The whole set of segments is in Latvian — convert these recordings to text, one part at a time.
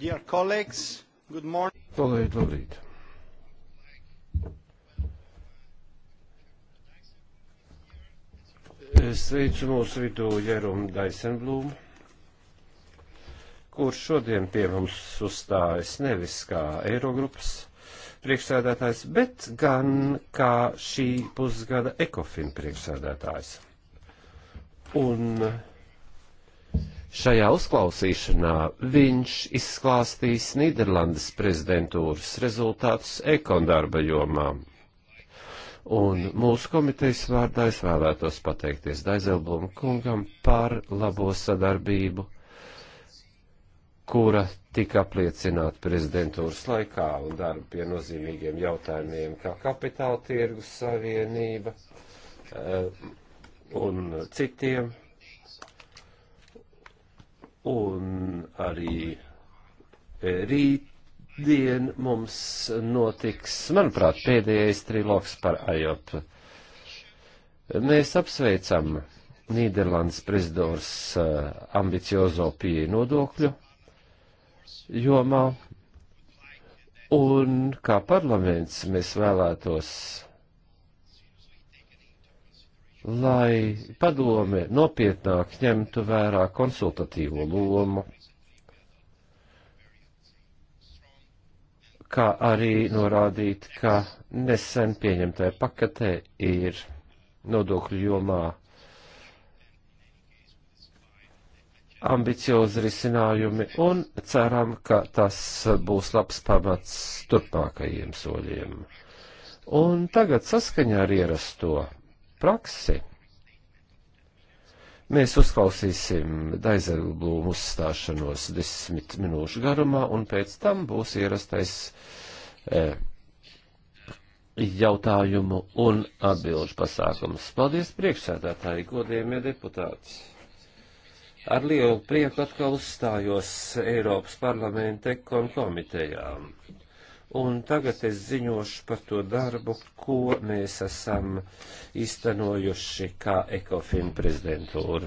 Dear colleagues, good morning. Labrīt, labrīt. Sveicu mūsu vidū Jerumu Daisenblūmu, kurš šodien pie mums uzstājas nevis kā Eirogrupas priekšsēdētājs, bet gan kā šī pusgada ekofin priekšsēdētājs. Un uh, Šajā uzklausīšanā viņš izklāstīs Nīderlandes prezidentūras rezultātus ekondarba jomā. Un mūsu komitejas vārdā es vēlētos pateikties Daizelblum kungam par labo sadarbību, kura tika apliecināta prezidentūras laikā un darba pie nozīmīgiem jautājumiem kā kapitāla tirgus savienība eh, un citiem Un arī e, rītdien mums notiks, manuprāt, pēdējais trilogs par AJOP. Mēs apsveicam Nīderlandes prezidors e, ambiciozo pieeju nodokļu jomā, un kā parlaments mēs vēlētos lai padome nopietnāk ņemtu vērā konsultatīvo lomu, kā arī norādīt, ka nesen pieņemtajā paketē ir nodokļu jomā ambiciozi risinājumi un ceram, ka tas būs labs pamats turpmākajiem soļiem. Un tagad saskaņā ar ierasto praksi. Mēs uzklausīsim Daizelblūmu uzstāšanos desmit minūšu garumā, un pēc tam būs ierastais e, jautājumu un atbilžu pasākums. Paldies priekšsēdētāji, godējumie deputāti! Ar lielu prieku atkal uzstājos Eiropas parlamenta ekon komitejām. Un tagad es ziņošu par to darbu, ko mēs esam iztenojuši kā ekofin prezidentūra.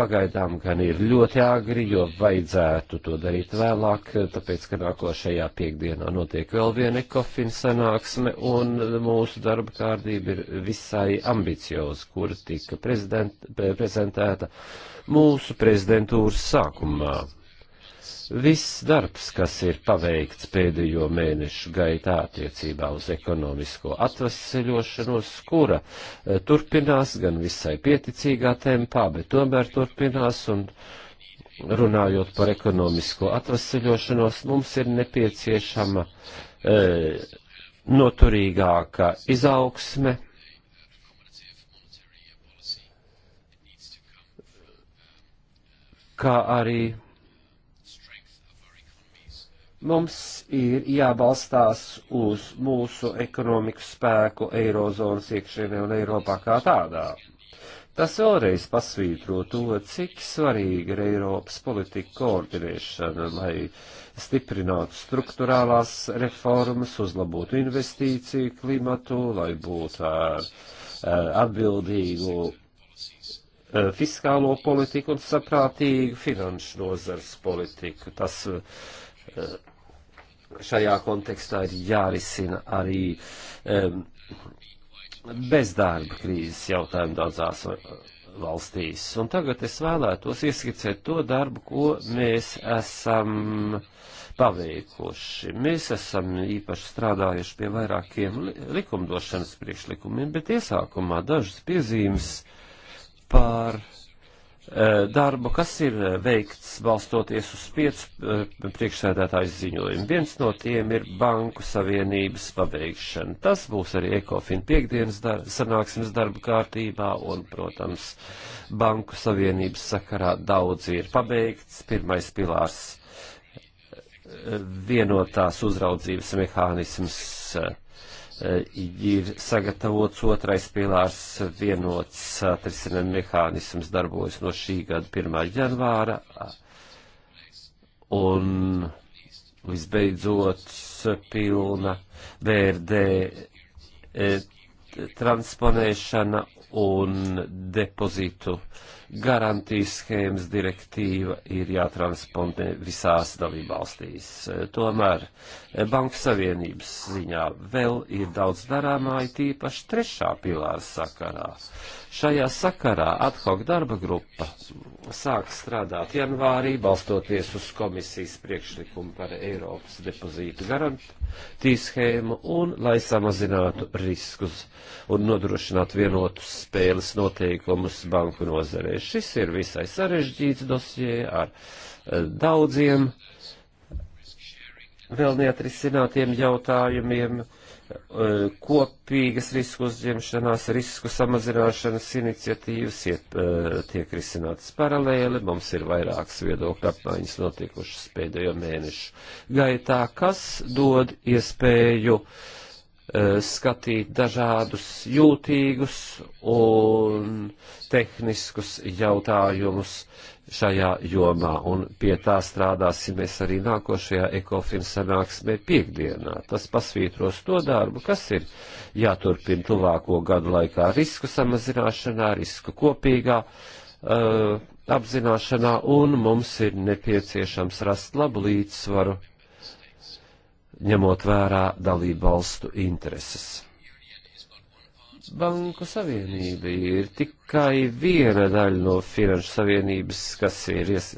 Pagaidām gan ir ļoti agri, jo vajadzētu to darīt vēlāk, tāpēc, ka nākošajā piekdienā notiek vēl viena ekofin sanāksme, un mūsu darba kārdība ir visai ambicioza, kura tika prezentēta mūsu prezidentūras sākumā. Viss darbs, kas ir paveikts pēdējo mēnešu gaitā attiecībā uz ekonomisko atvesaļošanos, kura eh, turpinās gan visai pieticīgā tempā, bet tomēr turpinās un runājot par ekonomisko atvesaļošanos, mums ir nepieciešama e, noturīgāka izaugsme. kā arī Mums ir jābalstās uz mūsu ekonomikas spēku Eirozonas iekšienē un Eiropā kā tādā. Tas vēlreiz pasvītro to, cik svarīga ir Eiropas politika koordinēšana, lai stiprinātu struktūrālās reformas, uzlabotu investīciju klimatu, lai būtu ar atbildīgu eh, fiskālo politiku un saprātīgu finanšu nozars politiku. Tas eh, šajā kontekstā ir jārisina arī um, bezdarba krīzes jautājumi daudzās valstīs. Un tagad es vēlētos ieskicēt to darbu, ko mēs esam paveikuši. Mēs esam īpaši strādājuši pie vairākiem likumdošanas priekšlikumiem, bet iesākumā dažas piezīmes par uh, Eh, darbu, kas ir eh, veikts balstoties uz piecu eh, priekšsēdētāju ziņojumu. Viens no tiem ir Banku Savienības pabeigšana. Tas būs arī Ekofin piekdienas dar sanāksmes darba kārtībā un, protams, Banku Savienības sakarā daudz ir pabeigts. Pirmais pilārs vienotās uzraudzības mehānisms ir sagatavots otrais pilārs vienots atrisinājuma mehānisms darbojas no šī gada 1. janvāra. Un visbeidzot pilna BRD e, transponēšana un depozītu e, garantijas schēmas direktīva ir jātransponē visās dalībvalstīs. Tomēr Banku Savienības ziņā vēl ir daudz darāmā, it īpaši trešā pilāra sakarā. Šajā sakarā ad hoc darba grupa sāks strādāt janvārī, balstoties uz komisijas priekšlikumu par Eiropas depozītu garantiju schēmu un lai samazinātu riskus un nodrošinātu vienotus spēles noteikumus banku nozarē. Šis ir visai sarežģīts dosie ar eh, daudziem vēl neatrisinātiem jautājumiem Eh, kopīgas risku uzņemšanās, risku samazināšanas iniciatīvas iet, eh, tiek risinātas paralēli. Mums ir vairākas viedokļa apmaiņas notikušas pēdējo mēnešu gaitā, kas dod iespēju eh, skatīt dažādus jūtīgus un tehniskus jautājumus šajā jomā, un pie tā strādāsimies arī nākošajā ekofin sanāksmē piekdienā. Tas pasvītros to darbu, kas ir jāturpina tuvāko gadu laikā risku samazināšanā, risku kopīgā uh, apzināšanā, un mums ir nepieciešams rast labu līdzsvaru, ņemot vērā dalību valstu intereses. Banku savienība ir tikai viena daļa no finanšu savienības, kas ir ies,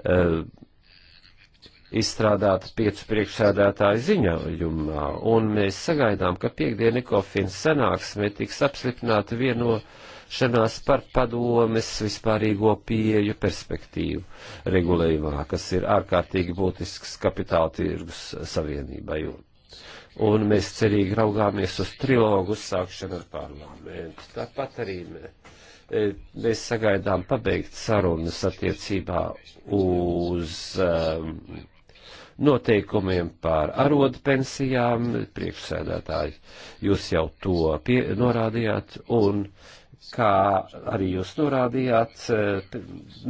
uh, izstrādāta piecu priekšsēdētāju ziņojumā, un mēs sagaidām, ka piekdien Ekofins sanāksmē tiks apslipināta vienošanās par padomes vispārīgo pieju perspektīvu regulējumā, kas ir ārkārtīgi būtisks kapitāla tirgus savienībai un mēs cerīgi raugāmies uz trilogu uzsākšanu ar parlamentu. Tāpat arī mē, e, mēs sagaidām pabeigt sarunas attiecībā uz um, noteikumiem par arodu pensijām. Priekšsēdētāji, jūs jau to pie, norādījāt, un kā arī jūs norādījāt, e,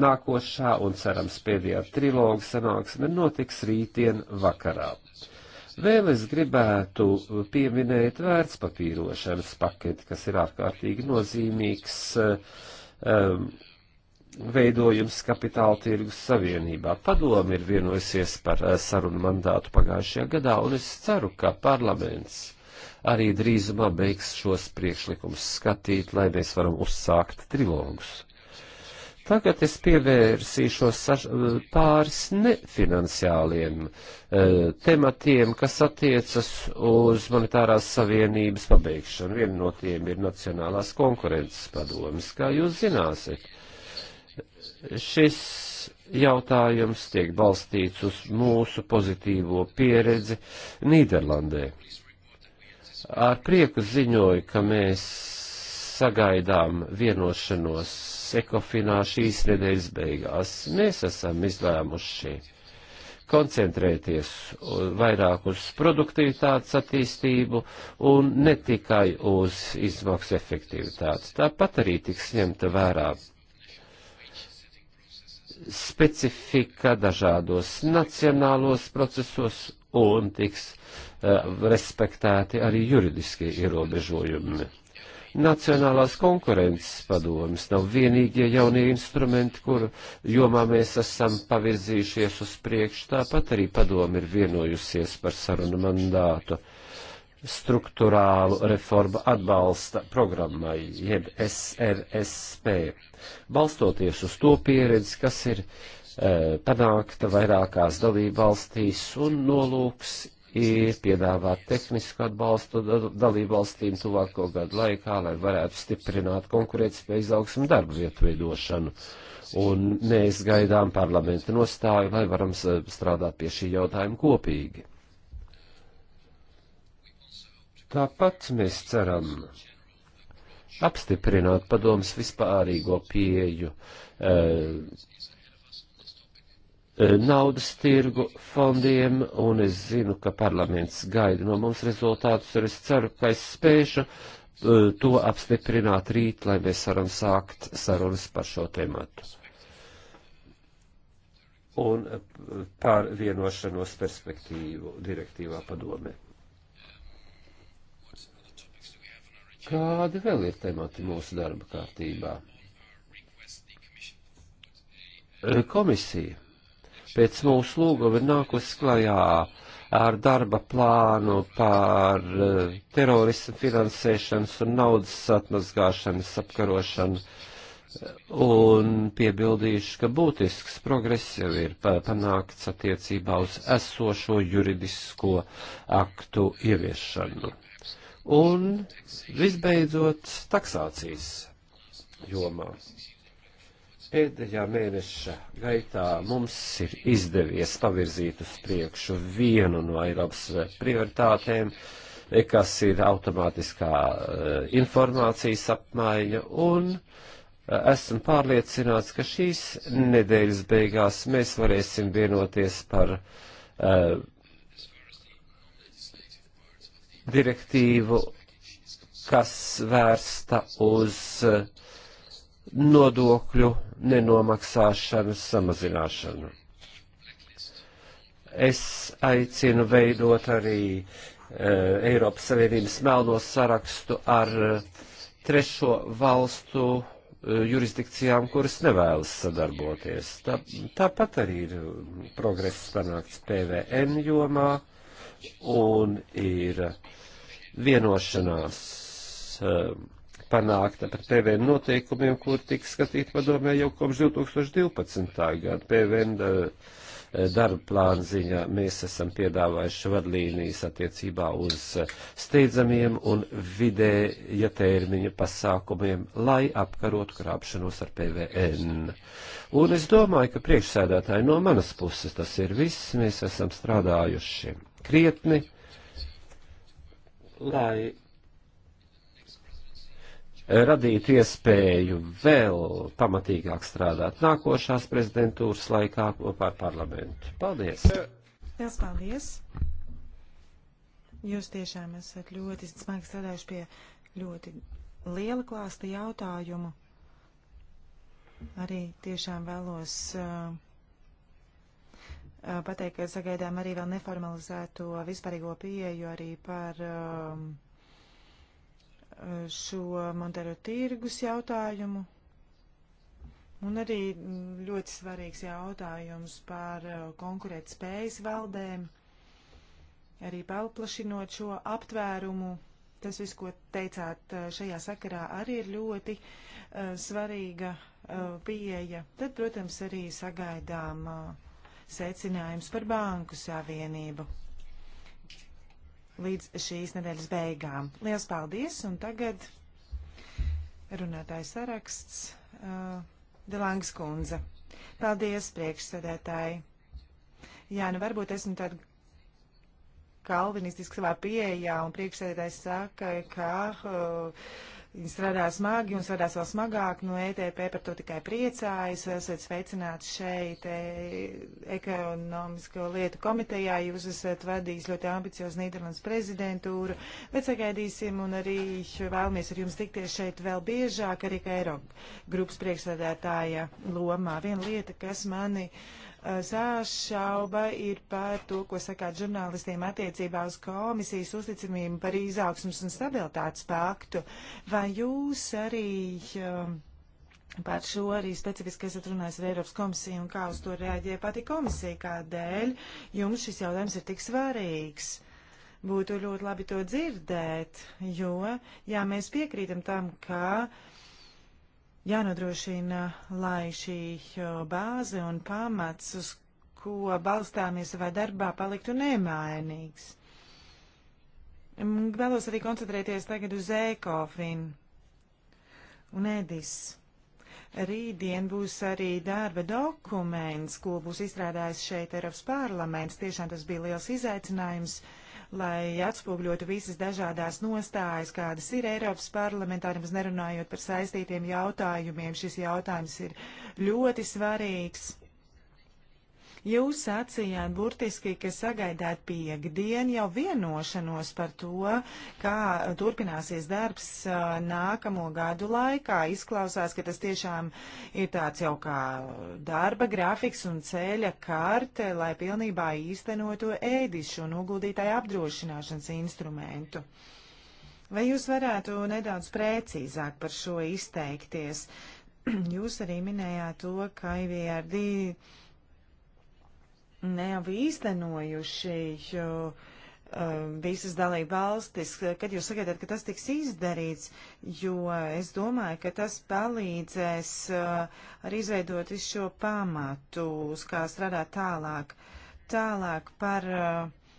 nākošā un cerams pēdējā trilogu sanāksme notiks rītdien vakarā. Vēl es gribētu pieminēt vērtspapīrošanas paketi, kas ir ārkārtīgi nozīmīgs um, veidojums kapitāla tirgus savienībā. Padomi ir vienojusies par uh, sarunu mandātu pagājušajā gadā, un es ceru, ka parlaments arī drīzumā beigs šos priekšlikumus skatīt, lai mēs varam uzsākt trilogus. Tagad es pievērsīšos pāris nefinanciāliem e, tematiem, kas attiecas uz monetārās savienības pabeigšanu. Viena no tiem ir Nacionālās konkurences padomas. Kā jūs zināsiet, šis jautājums tiek balstīts uz mūsu pozitīvo pieredzi Nīderlandē. Ar prieku ziņoju, ka mēs sagaidām vienošanos Ekofinā šīs nedēļas beigās. Mēs esam izlēmuši koncentrēties vairāk uz produktivitātes attīstību un ne tikai uz izmaksu efektivitāti. Tāpat arī tiks ņemta vērā specifika dažādos nacionālos procesos un tiks uh, respektēti arī juridiskie ierobežojumi. Nacionālās konkurences padomas nav vienīgie jaunie instrumenti, kuru jomā mēs esam pavirzījušies uz priekšu. Tāpat arī padoma ir vienojusies par sarunu mandātu struktūrālu reformu atbalsta programmai, jeb SRSP, balstoties uz to pieredzi, kas ir e, panākta vairākās dalību valstīs, un nolūks ir piedāvāt tehnisku atbalstu dalību valstīm tuvāko gadu laikā, lai varētu stiprināt konkurētspēju izaugsmu darba vietu veidošanu. Un mēs gaidām parlamenta nostāju, lai varam strādāt pie šī jautājuma kopīgi. Tāpat mēs ceram apstiprināt padomus vispārīgo pieju. Uh, Eh, naudas tirgu fondiem, un es zinu, ka parlaments gaida no mums rezultātus, un es ceru, ka es spēšu eh, to apstiprināt rīt, lai mēs varam sākt sarunas par šo tēmatu. Un eh, par vienošanos perspektīvu direktīvā padomē. Kādi vēl ir temati mūsu darba kārtībā? Komisija pēc mūsu lūguma nākus klajā ar darba plānu par eh, terorismu finansēšanas un naudas atmazgāšanas apkarošanu. Un piebildīšu, ka būtisks progress jau ir panākts attiecībā uz esošo juridisko aktu ieviešanu. Un visbeidzot, taksācijas jomā. Pēdējā mēneša gaitā mums ir izdevies pavirzīt uz priekšu vienu no Eiropas prioritātēm, kas ir automātiskā eh, informācijas apmaiņa un eh, esmu pārliecināts, ka šīs nedēļas beigās mēs varēsim vienoties par uh, direktīvu, kas vērsta uz nodokļu nenomaksāšanas samazināšanu. Es aicinu veidot arī uh, Eiropas Savienības melno sarakstu ar uh, trešo valstu uh, jurisdikcijām, kuras nevēlas sadarboties. Tā, tāpat arī ir progress panākts PVN jomā un ir vienošanās. Uh, panākta par PVN noteikumiem, kur tika skatīta padomē jau kopš 2012. gada. PVN eh, darba plāna ziņā mēs esam piedāvājuši vadlīnijas attiecībā uz eh, steidzamiem un vidēja termiņa pasākumiem, lai apkarotu krāpšanos ar PVN. Un es domāju, ka priekšsēdētāji no manas puses tas ir viss. Mēs esam strādājuši krietni, lai radītu iespēju vēl pamatīgāk strādāt nākošās prezidentūras laikā kopā ar parlamentu. Paldies! Liels paldies! Jūs tiešām esat ļoti smagi strādājuši pie ļoti liela klāsta jautājumu. Arī tiešām vēlos uh, pateikt, ka sagaidām arī vēl neformalizēto vispārīgo pieeju arī par um, šo Montero tirgus jautājumu. Un arī ļoti svarīgs jautājums par uh, konkurēt spējas valdēm, arī paplašinot šo aptvērumu. Tas viss, ko teicāt uh, šajā sakarā, arī ir ļoti uh, svarīga uh, pieeja. Tad, protams, arī sagaidām uh, secinājums par banku savienību līdz šīs nedēļas beigām. Lielas paldies! Un tagad runātājs saraksts uh, Delangas kundze. Paldies, priekšsēdētāji! Jā, nu varbūt esmu tāda kalvinistiska savā pieejā, un priekšsēdētājs saka, ka uh, Viņi strādā smagi un strādās vēl smagāk, no ETP par to tikai priecājas. Esat sveicināti šeit e ekonomisko lietu komitejā. Jūs esat vadījis ļoti ambiciozu Nīderlandes prezidentūru, bet sagaidīsim un arī vēlamies ar jums tikties šeit vēl biežāk, arī kā Eiropa grupas priekšsēdētāja lomā. Viena lieta, kas mani. Uh, Eh, sāšauba ir par to, ko sakāt žurnālistiem attiecībā uz komisijas uzticamību par izaugsmus un stabilitātes paktu. Vai jūs arī eh, par šo arī specifiski esat runājis ar Eiropas komisiju un kā uz to reaģē pati komisija, kādēļ jums šis jautājums ir tik svarīgs? Būtu ļoti labi to dzirdēt, jo, jā, mēs piekrītam tam, ka uh, jānodrošina, lai šī bāze un pamats, uz ko balstāmies savā darbā, paliktu nemainīgs. Vēlos arī koncentrēties tagad uz ECOFIN un EDIS. Rītdien būs arī darba dokuments, ko būs izstrādājis šeit Eiropas parlaments. Tiešām tas bija liels izaicinājums. Uh, lai atspūgļotu visas dažādās nostājas, kādas ir Eiropas parlamentā, nemaz nerunājot par saistītiem jautājumiem. Šis jautājums ir ļoti svarīgs. Jūs sacījāt burtiski, ka sagaidāt piekdien jau vienošanos par to, kā turpināsies darbs nākamo gadu laikā. Izklausās, ka tas tiešām ir tāds jau kā darba grafiks un ceļa karte, lai pilnībā īstenotu ēdišu un uguldītāju apdrošināšanas instrumentu. Vai jūs varētu nedaudz precīzāk par šo izteikties? Jūs arī minējāt to, ka IVRD nav īstenojuši jo, um, visas dalība valstis, kad jūs sagaidāt, ka tas tiks izdarīts, jo es domāju, ka tas palīdzēs uh, arī izveidot visu šo pamatu, uz kā strādāt tālāk. Tālāk par uh,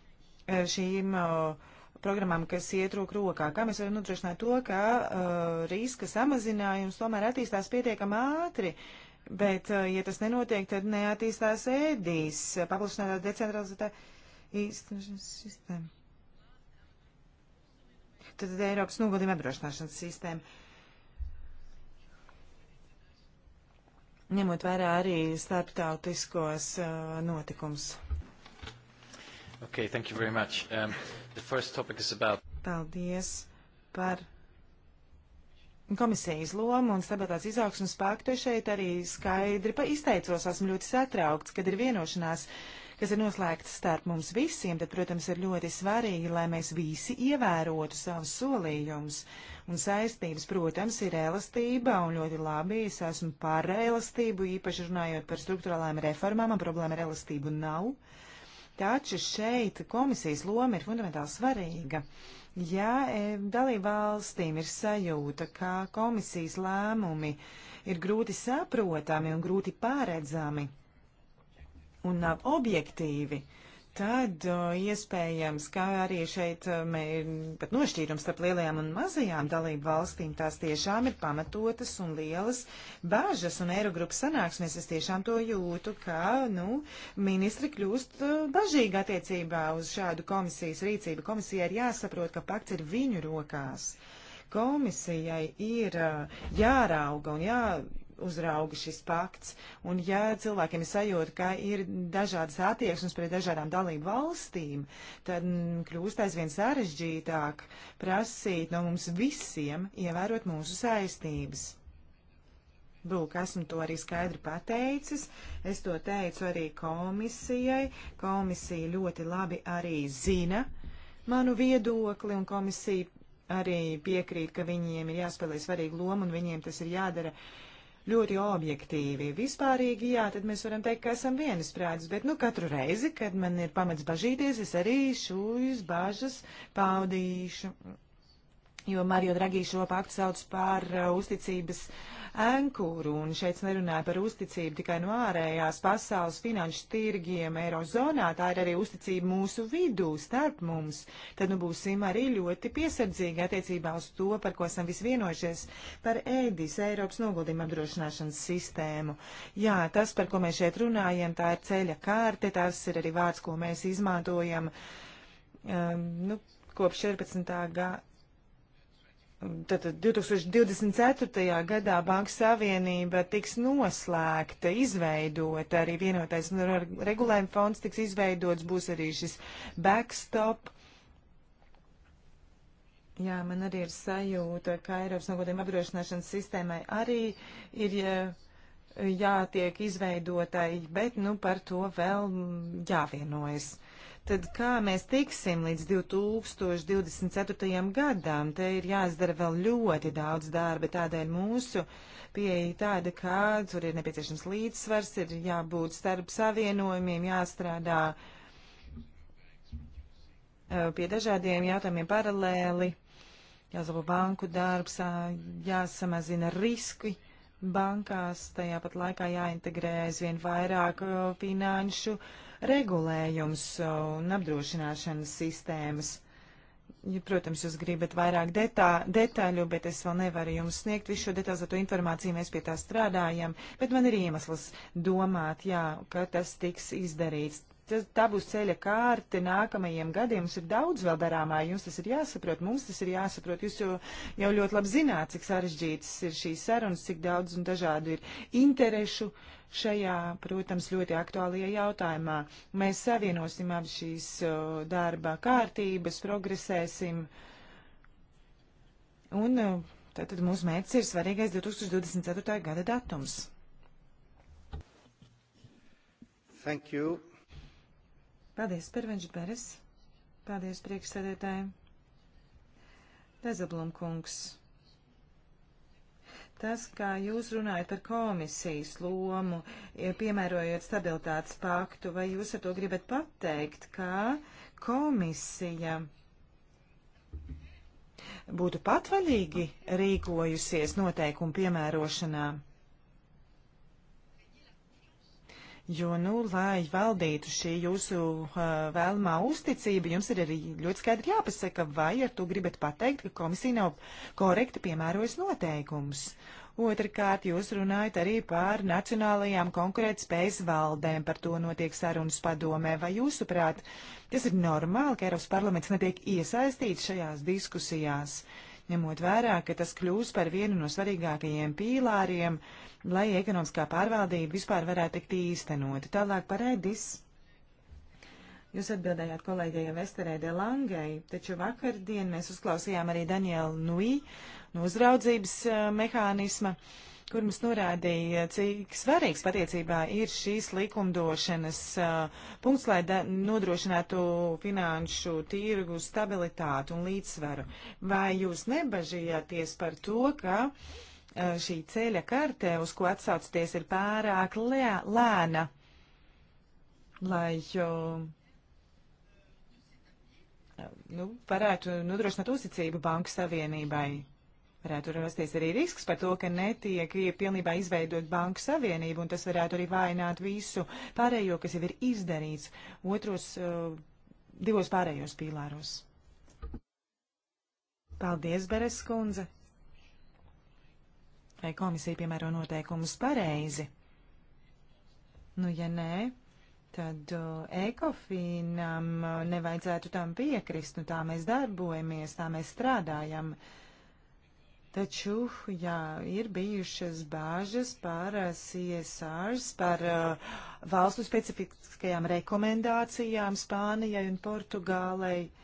šīm uh, programmām, kas iet rok rokā. Kā mēs varam nodrošināt to, ka riska samazinājums tomēr attīstās pietiekam ātri? Uh, Bet, eh, ja tas nenotiek, tad neattīstās ēdīs, eh, paplašinātā decentralizētā īstenošanas sistēma. Tad, tad Eiropas nogodījuma apdrošināšanas sistēma. Ņemot vērā arī starptautiskos uh, eh, notikums. Okay, thank you very much. Um, the first topic is about... Paldies par komisijas loma un stabilitātes izaugsmas paktu šeit arī skaidri izteicos. Esmu ļoti satraukts, kad ir vienošanās, kas ir noslēgts starp mums visiem, tad, protams, ir ļoti svarīgi, lai mēs visi ievērotu savus solījumus un saistības. Protams, ir elastība un ļoti labi, es esmu par elastību, īpaši runājot par struktūrālām reformām, man problēma ar elastību nav. Taču šeit komisijas loma ir fundamentāli svarīga. Ja e, dalībvalstīm ir sajūta, ka komisijas lēmumi ir grūti saprotami un grūti pāredzami un nav objektīvi, uh, tad iespējams, ka arī šeit ir pat nošķīrums starp lielajām un mazajām dalību valstīm. Tās tiešām ir pamatotas un lielas bāžas, un Eirogrupas sanāksmēs es tiešām to jūtu, ka nu, ministri kļūst bažīgi attiecībā uz šādu komisijas rīcību. Komisija ir jāsaprot, ka pakts ir viņu rokās. Komisijai ir jārauga un jā uzrauga šis pakts. Un ja cilvēkiem ir sajūta, ka ir dažādas attieksmes pret dažādām dalību valstīm, tad m, mm, kļūst aizvien sarežģītāk prasīt no mums visiem ievērot mūsu saistības. Lūk, esmu to arī skaidri pateicis. Es to teicu arī komisijai. Komisija ļoti labi arī zina manu viedokli, un komisija arī piekrīt, ka viņiem ir jāspēlē svarīga loma, un viņiem tas ir jādara uh, ļoti objektīvi. Vispārīgi, jā, tad mēs varam teikt, ka esam vienisprātis, bet nu katru reizi, kad man ir pamats bažīties, es arī šūjas bažas paudīšu jo Mario Draghi šo paktu sauc par uh, uzticības ankuru, un šeit nerunāja par uzticību tikai no ārējās pasaules finanšu tirgiem Eirozonā, tā ir arī uzticība mūsu vidū, starp mums. Tad nu būsim arī ļoti piesardzīgi attiecībā uz to, par ko esam visvienojušies, par ēdis, Eiropas noguldījuma apdrošināšanas sistēmu. Jā, tas, par ko mēs šeit runājam, tā ir ceļa kārte, tas ir arī vārds, ko mēs izmantojam. Um, nu, kopš 14. gada Tātad 2024. gadā Banka Savienība tiks noslēgta, izveidota arī vienotais regulējuma fonds tiks izveidots, būs arī šis backstop. Jā, man arī ir sajūta, ka Eiropas nogodījuma apdrošināšanas sistēmai arī ir jātiek izveidotai, bet nu par to vēl jāvienojas tad kā mēs tiksim līdz 2024. gadam? Te ir jāizdara vēl ļoti daudz darba, tādēļ mūsu pieeja tāda, ka tur ir nepieciešams līdzsvars, ir jābūt starp savienojumiem, jāstrādā pie dažādiem jautājumiem paralēli jāuzlabo banku darbs, jāsamazina riski bankās, tajā pat laikā jāintegrē aizvien vairāk finanšu regulējums uh, un apdrošināšanas sistēmas. Ja, protams, jūs gribat vairāk detā, detaļu, bet es vēl nevaru jums sniegt visu šo detalizēto informāciju, mēs pie tā strādājam, bet man ir iemesls domāt, jā, ka tas tiks izdarīts tas, tā būs ceļa kārte nākamajiem gadiem. Mums ir daudz vēl darāmā, jums tas ir jāsaprot, mums tas ir jāsaprot. Jūs jau, jau ļoti labi zināt, cik sarežģītas ir šīs sarunas, cik daudz un dažādu ir interešu šajā, protams, ļoti aktuālajā jautājumā. Mēs savienosim ap šīs darba kārtības, progresēsim. Un tātad mūsu mērķis ir svarīgais 2024. gada datums. Thank you. Paldies, Pervenģi Beres. Paldies, priekšsēdētāji. Dezablum kungs. Tas, kā jūs runājat par komisijas lomu, piemērojot stabilitātes paktu, vai jūs ar to gribat pateikt, ka komisija būtu patvaļīgi rīkojusies noteikumu piemērošanā? Jo, nu, lai valdītu šī jūsu uh, vēlamā uzticība, jums ir arī ļoti skaidri jāpasaka, vai ar to gribat pateikt, ka komisija nav korekti piemērojas noteikumus. Otrakārt, jūs runājat arī par nacionālajām konkurētspējas valdēm, par to notiek sarunas padomē. Vai jūsuprāt, tas ir normāli, ka Eiropas parlaments netiek iesaistīts šajās diskusijās, ņemot vērā, ka tas kļūs par vienu no svarīgākajiem pīlāriem uh, lai ekonomiskā pārvaldība vispār varētu tikt īstenota. Tālāk par Edis. Jūs atbildējāt kolēģijai Vesterē de Langai, taču vakardien mēs uzklausījām arī Danielu Nui no uzraudzības uh, mehānisma, kur mums norādīja, cik svarīgs patiecībā ir šīs likumdošanas uh, punkts, lai nodrošinātu finanšu tirgu stabilitātu un līdzsvaru. Vai jūs nebažījāties par to, ka. Uh, Eh, šī ceļa kartē, uz ko atsaucties, ir pārāk lē, lēna, lai nu, varētu nodrošināt uzticību Banku Savienībai. Varētu rasties arī risks par to, ka netiek pilnībā izveidot Banku Savienību, un tas varētu arī vājināt visu pārējo, kas jau ir izdarīts otros, eh, divos pārējos pīlāros. Paldies, Beres kundze! vai komisija piemēro noteikumus pareizi. Nu, ja nē, tad uh, ekofinam uh, nevajadzētu tam piekrist, nu tā mēs darbojamies, tā mēs strādājam. Taču, jā, ir bijušas bāžas par uh, CSRs, par uh, valstu specifiskajām rekomendācijām Spānijai un Portugālei. Uh,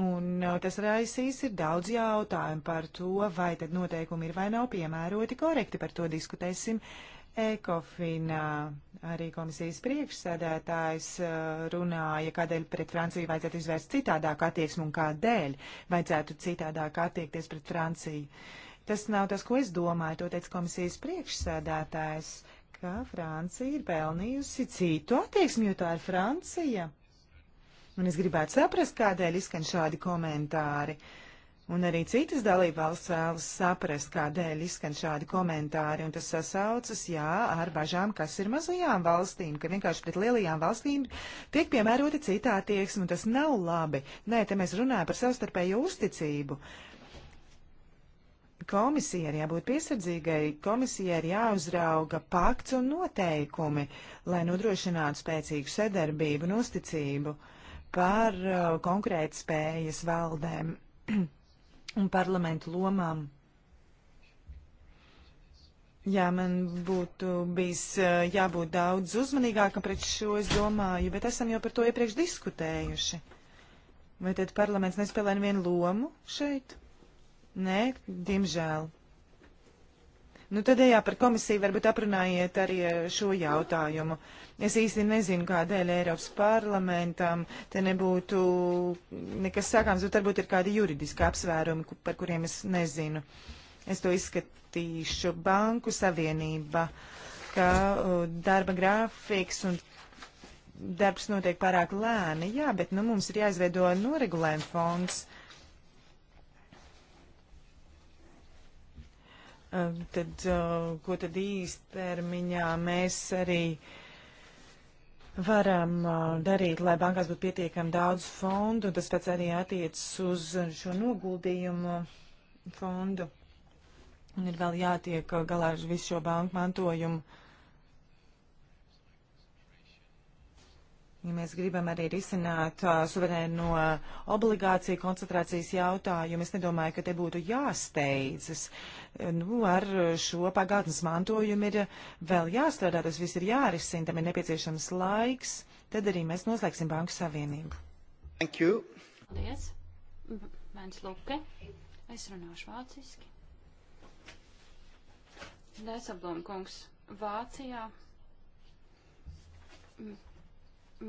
Un tas raisīs ir daudz jautājumu par to, vai tad noteikumi ir vai nav piemēroti korekti. Par to diskutēsim Ekofinā. Arī komisijas priekšsēdētājs runāja, kādēļ pret Franciju vajadzētu izvērst citādāk attieksmu un kādēļ vajadzētu citādāk attiekties pret Franciju. Tas nav tas, ko es domāju, to teica komisijas priekšsēdētājs, ka Francija ir pelnījusi citu attieksmi, jo tā ir Francija. Un es gribētu saprast, kādēļ izskan šādi komentāri. Un arī citas dalībvalsts vēlas saprast, kādēļ izskan šādi komentāri, un tas sasaucas, jā, ar bažām, kas ir mazajām valstīm, ka vienkārši pret lielajām valstīm tiek piemērota citā attieksme, un tas nav labi. Nē, te mēs runājam par savstarpēju uzticību. Komisija ir jābūt piesardzīgai, komisija ir jāuzrauga pakts un noteikumi, lai nodrošinātu spēcīgu sadarbību un uzticību. Uh, par uh, konkrēt spējas valdēm un parlamentu lomām. Jā, man būtu bijis uh, jābūt daudz uzmanīgākam pret šo, es domāju, bet esam jau par to iepriekš diskutējuši. Vai tad parlaments nespēlē nevienu lomu šeit? Nē, diemžēl. Nu, tad jā, par komisiju varbūt aprunājiet arī eh, šo jautājumu. Es īsti nezinu, kādēļ Eiropas parlamentam te nebūtu nekas sakāms, bet varbūt ir kādi juridiski apsvērumi, par kuriem es nezinu. Es to izskatīšu. Banku savienība, ka darba grafiks un darbs notiek pārāk lēni, jā, bet nu, mums ir jāizveido noregulējuma fonds. Uh, tad, ko tad īstermiņā mēs arī varam darīt, lai bankās būtu pietiekami daudz fondu, tas pēc arī attiecas uz šo noguldījumu fondu. Un ir vēl jātiek galā ar visu šo banku mantojumu Ja mēs gribam arī risināt uh, suverēno obligāciju koncentrācijas jautājumu, es nedomāju, ka te būtu jāsteidzas. Nu, ar šo pagātnes mantojumu ir vēl jāstrādā, tas viss ir jārisina, tam ir nepieciešams laiks. Tad arī mēs noslēgsim Banku Savienību. Thank you. Paldies. Mans Luke. Es runāšu vāciski. Desablom kungs, Vācijā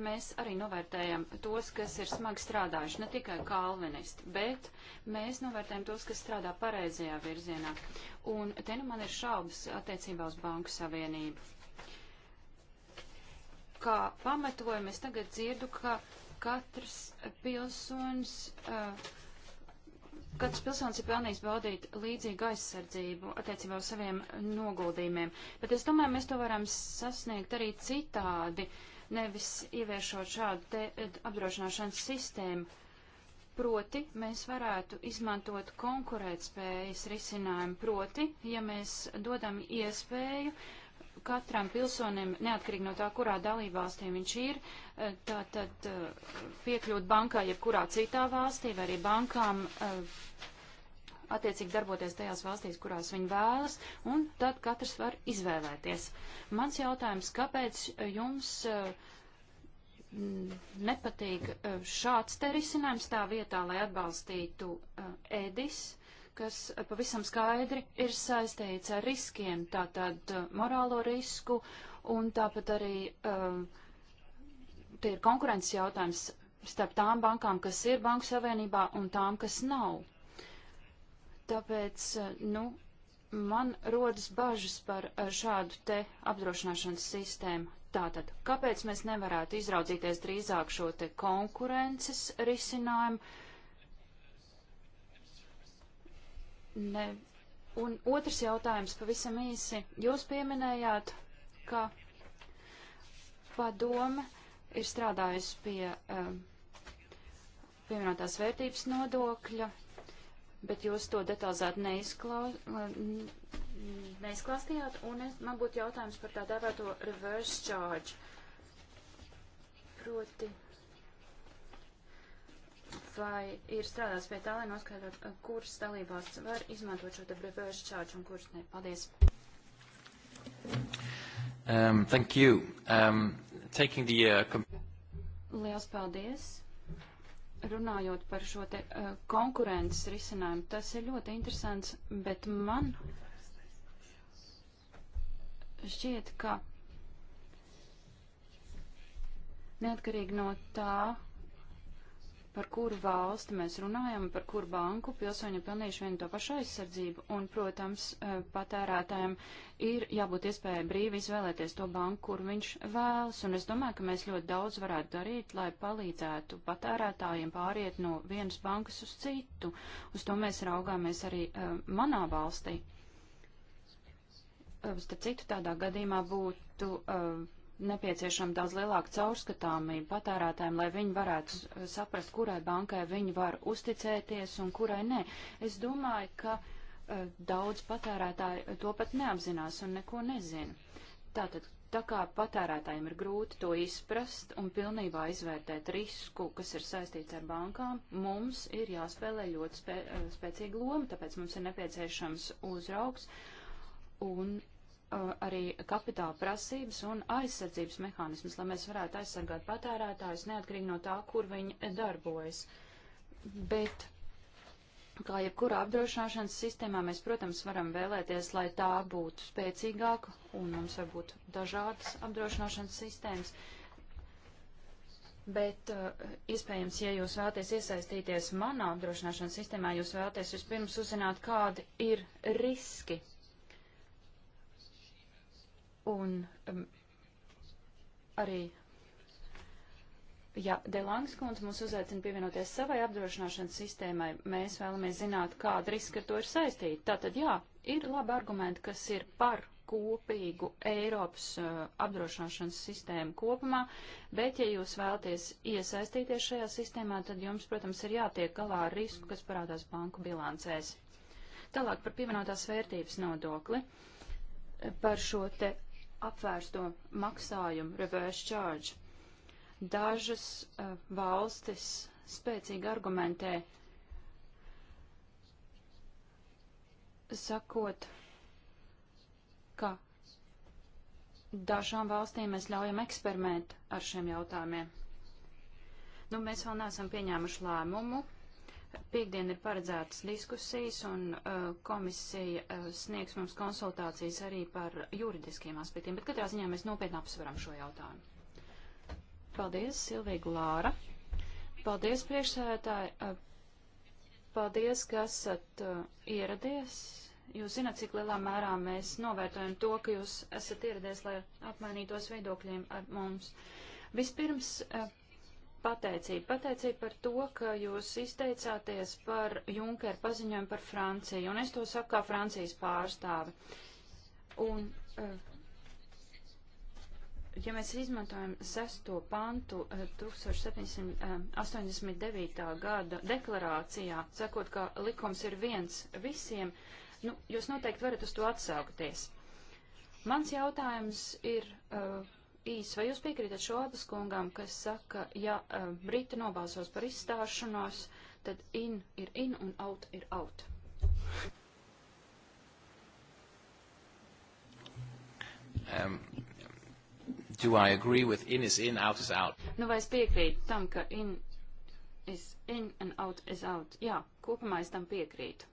mēs arī novērtējam tos, kas ir smagi strādājuši, ne tikai kalvinisti, bet mēs novērtējam tos, kas strādā pareizajā virzienā. Un te nu man ir šaubas attiecībā uz Banku Savienību. Kā pamatojumu es tagad dzirdu, ka katrs pilsonis. Uh, Katrs pilsonis ir pelnījis baudīt līdzīgu aizsardzību attiecībā uz saviem noguldījumiem, bet es domāju, mēs to varam sasniegt arī citādi. Uh, nevis ieviešot šādu te, eh, apdrošināšanas sistēmu. Proti, mēs varētu izmantot konkurētspējas risinājumu. Proti, ja mēs dodam iespēju katram pilsonim, neatkarīgi no tā, kurā dalībvalstī viņš ir, eh, tātad eh, piekļūt bankā jebkurā citā valstī vai arī bankām attiecīgi darboties tajās valstīs, kurās viņi vēlas, un tad katrs var izvēlēties. Mans jautājums, kāpēc jums eh, nepatīk eh, šāds te risinājums tā vietā, lai atbalstītu ēdis? Eh, kas pavisam skaidri ir saistīts ar riskiem, tātad morālo risku un tāpat arī um, tie ir konkurences jautājums starp tām bankām, kas ir Banku Savienībā un tām, kas nav. Tāpēc, eh, nu, man rodas bažas par eh, šādu te apdrošināšanas sistēmu. Tātad, kāpēc mēs nevarētu izraudzīties drīzāk šo te konkurences risinājumu? Ne. Un otrs jautājums pavisam īsi. Jūs pieminējāt, ka padome ir strādājusi pie um, pievienotās vērtības nodokļa bet jūs to detalizēti neizklaus, neizklāstījāt, un es, man būtu jautājums par tā dēvēto reverse charge. Proti, vai ir strādāts pie tā, lai noskaidrot, kuras dalībās var izmantot šo te reverse charge un kuras ne? Paldies. Um, thank you. Um, taking the, uh, Liels paldies runājot par šo te uh, konkurences risinājumu, tas ir ļoti interesants, bet man šķiet, ka neatkarīgi no tā, par kuru valsti mēs runājam, par kuru banku pilsoņi ir pilnīši vienu to pašu aizsardzību. Un, protams, e, patērētājiem ir jābūt iespējai brīvi izvēlēties to banku, kur viņš vēlas. Un es domāju, ka mēs ļoti daudz varētu darīt, lai palīdzētu patērētājiem pāriet no vienas bankas uz citu. Uz to mēs raugāmies arī uh, manā valstī. E, starp citu, tādā gadījumā būtu. Uh, nepieciešama daudz lielāka caurskatāmība patērētājiem, lai viņi varētu saprast, kurai bankai viņi var uzticēties un kurai nē. Es domāju, ka uh, daudz patērētāji to pat neapzinās un neko nezina. Tātad, tā kā patērētājiem ir grūti to izprast un pilnībā izvērtēt risku, kas ir saistīts ar bankām, mums ir jāspēlē ļoti spē, e, spēcīga loma, tāpēc mums ir nepieciešams uzraugs un arī kapitāla prasības un aizsardzības mehānismus, lai mēs varētu aizsargāt patērētājus neatkarīgi no tā, kur viņi darbojas. Bet Kā jebkurā apdrošināšanas sistēmā mēs, protams, varam vēlēties, lai tā būtu spēcīgāka un mums var būt dažādas apdrošināšanas sistēmas. Bet, iespējams, ja jūs vēlaties iesaistīties manā apdrošināšanas sistēmā, jūs vēlaties vispirms uzzināt, kādi ir riski Un um, arī, ja Delāngas kundze mūs uzaicina pievienoties savai apdrošināšanas sistēmai, mēs vēlamies zināt, kāda riska ar to ir saistīta. Tātad, jā, ir labi argumenti, kas ir par kopīgu Eiropas uh, apdrošināšanas sistēmu kopumā, bet ja jūs vēlaties iesaistīties šajā sistēmā, tad jums, protams, ir jātiek galā ar risku, kas parādās banku bilancēs. Tālāk par pievienotās vērtības nodokli. Par šo te apvērsto maksājumu, reverse charge. Dažas uh, valstis spēcīgi argumentē, sakot, ka dažām valstīm mēs ļaujam eksperimentēt ar šiem jautājumiem. Nu, mēs vēl neesam pieņēmuši lēmumu, Piektdien ir paredzētas diskusijas, un uh, komisija uh, sniegs mums konsultācijas arī par juridiskiem aspektiem, bet katrā ziņā mēs nopietni apsveram šo jautājumu. Paldies, Silvija Glāra. Paldies, priekšsēdētāji. Uh, paldies, ka esat uh, ieradies. Jūs zināt, cik lielā mērā mēs novērtojam to, ka jūs esat ieradies, lai apmainītos viedokļiem ar mums. Vispirms. Uh, pateicību. Pateicību par to, ka jūs izteicāties par Junkeru paziņojumu par Franciju, un es to saku kā Francijas pārstāvi. Un, eh, ja mēs izmantojam 6. pantu 1789. Eh, eh, gada deklarācijā, sakot, ka likums ir viens visiem, nu, jūs noteikti varat uz to atsaukties. Mans jautājums ir. Uh, īsi, vai jūs piekrītat Švābas kungam, kas saka, ja uh, Briti nobalsos par izstāšanos, tad in ir in un out ir out? Um, do I agree with in is in, out is out? Nu, vai es piekrītu tam, ka in is in and out is out? Jā, kopumā es tam piekrītu.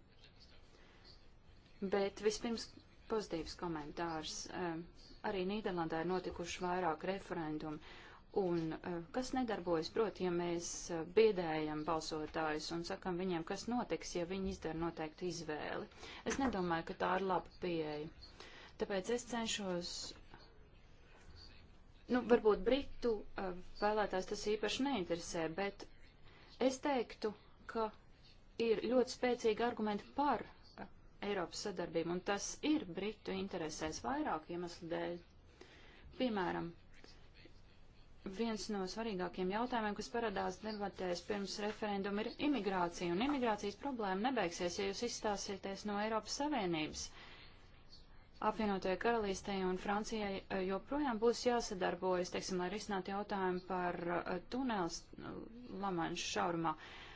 Bet vispirms pozitīvs komentārs. Um, Arī Nīderlandē ir notikuši vairāk referendumi. Un eh, kas nedarbojas, proti, ja mēs eh, biedējam balsotājus un sakam viņiem, kas notiks, ja viņi izdara noteiktu izvēli. Es nedomāju, ka tā ir laba pieeja. Tāpēc es cenšos, nu, varbūt Britu eh, vēlētājs tas īpaši neinteresē, bet es teiktu, ka ir ļoti spēcīgi argumenti par Eiropas sadarbību, un tas ir Britu interesēs vairāk iemeslu dēļ. Piemēram, viens no svarīgākiem jautājumiem, kas parādās debatēs pirms referenduma, ir imigrācija, un imigrācijas problēma nebeigsies, ja jūs izstāsieties no Eiropas Savienības. Apvienotajai karalistei un Francijai eh, joprojām būs jāsadarbojas, teiksim, lai risinātu jautājumu par eh, tunels eh, Lamanšu šaurumā. Uh,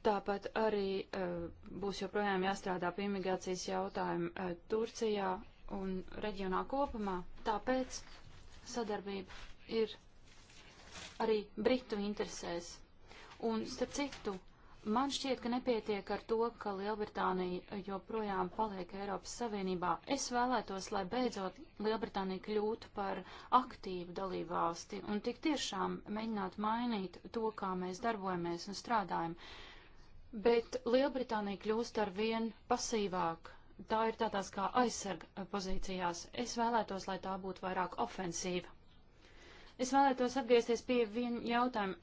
Tāpat arī uh, būs joprojām jāstrādā pie imigrācijas jautājumu uh, eh, Turcijā un reģionā kopumā. Tāpēc sadarbība ir arī Britu interesēs. Un, starp citu, man šķiet, ka nepietiek ar to, ka Lielbritānija joprojām paliek Eiropas Savienībā. Es vēlētos, lai beidzot Lielbritānija kļūtu par aktīvu dalībvalsti un tik tiešām mēģinātu mainīt to, kā mēs darbojamies un strādājam. Uh, Bet Lielbritānija kļūst ar vien pasīvāk. Tā ir tādās kā aizsarga pozīcijās. Es vēlētos, lai tā būtu vairāk ofensīva. Es vēlētos atgriezties pie viena jautājuma.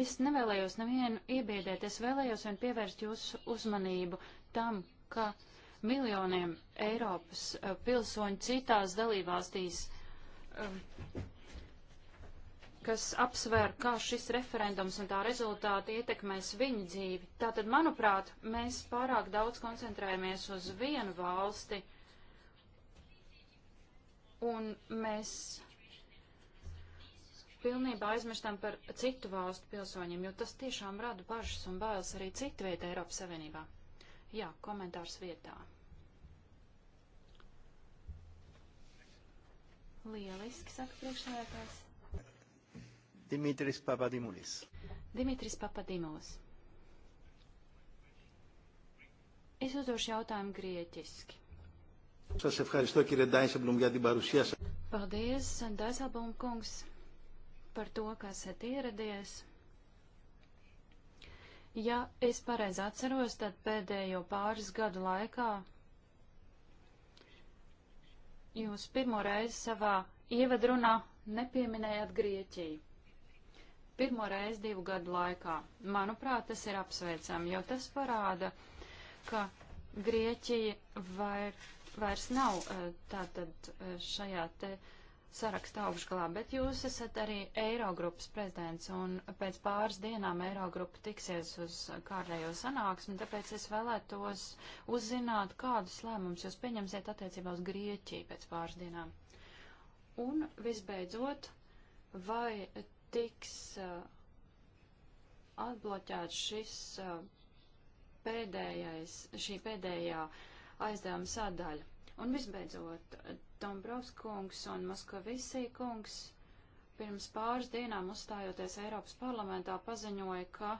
Es nevēlējos nevienu iebiedēt, es vēlējos vien pievērst jūsu uzmanību tam, ka miljoniem Eiropas eh, pilsoņu citās dalībvalstīs um, kas apsver, kā šis referendums un tā rezultāti ietekmēs viņu dzīvi. Tātad, manuprāt, mēs pārāk daudz koncentrējamies uz vienu valsti, un mēs pilnībā aizmirstam par citu valstu pilsoņiem, jo tas tiešām rada bažas un bailes arī citu vietu Eiropas Savienībā. Jā, komentārs vietā. Lieliski, saka priekšsēdētājs. Dimitris Papadimoulis. Dimitris Papadimoulis. Es uzdošu jautājumu grieķiski. Σας ευχαριστώ κύριε Ντάισεμπλουμ για την παρουσία σας. Paldies, Ντάισεμπλουμ kungs, par to, ka esat ieradies. Ja es pareizi atceros, tad pēdējo pāris gadu laikā jūs pirmo reizi savā ievadrunā nepieminējāt Grieķiju pirmo reizi divu gadu laikā. Manuprāt, tas ir apsveicami, jo tas parāda, ka Grieķija vair, vairs nav e, tātad e, šajā te saraksta augšgalā, bet jūs esat arī Eirogrupas prezidents, un pēc pāris dienām Eirogrupa tiksies uz kārtējo sanāksmi, tāpēc es vēlētos uzzināt, kādus lēmumus jūs pieņemsiet attiecībā uz Grieķiju pēc pāris dienām. Un visbeidzot, vai tiks uh, atbloķēts šis uh, pēdējais, šī pēdējā aizdevuma sadaļa. Un visbeidzot, Dombrovs kungs un Moskavisī kungs pirms pāris dienām uzstājoties Eiropas parlamentā paziņoja, ka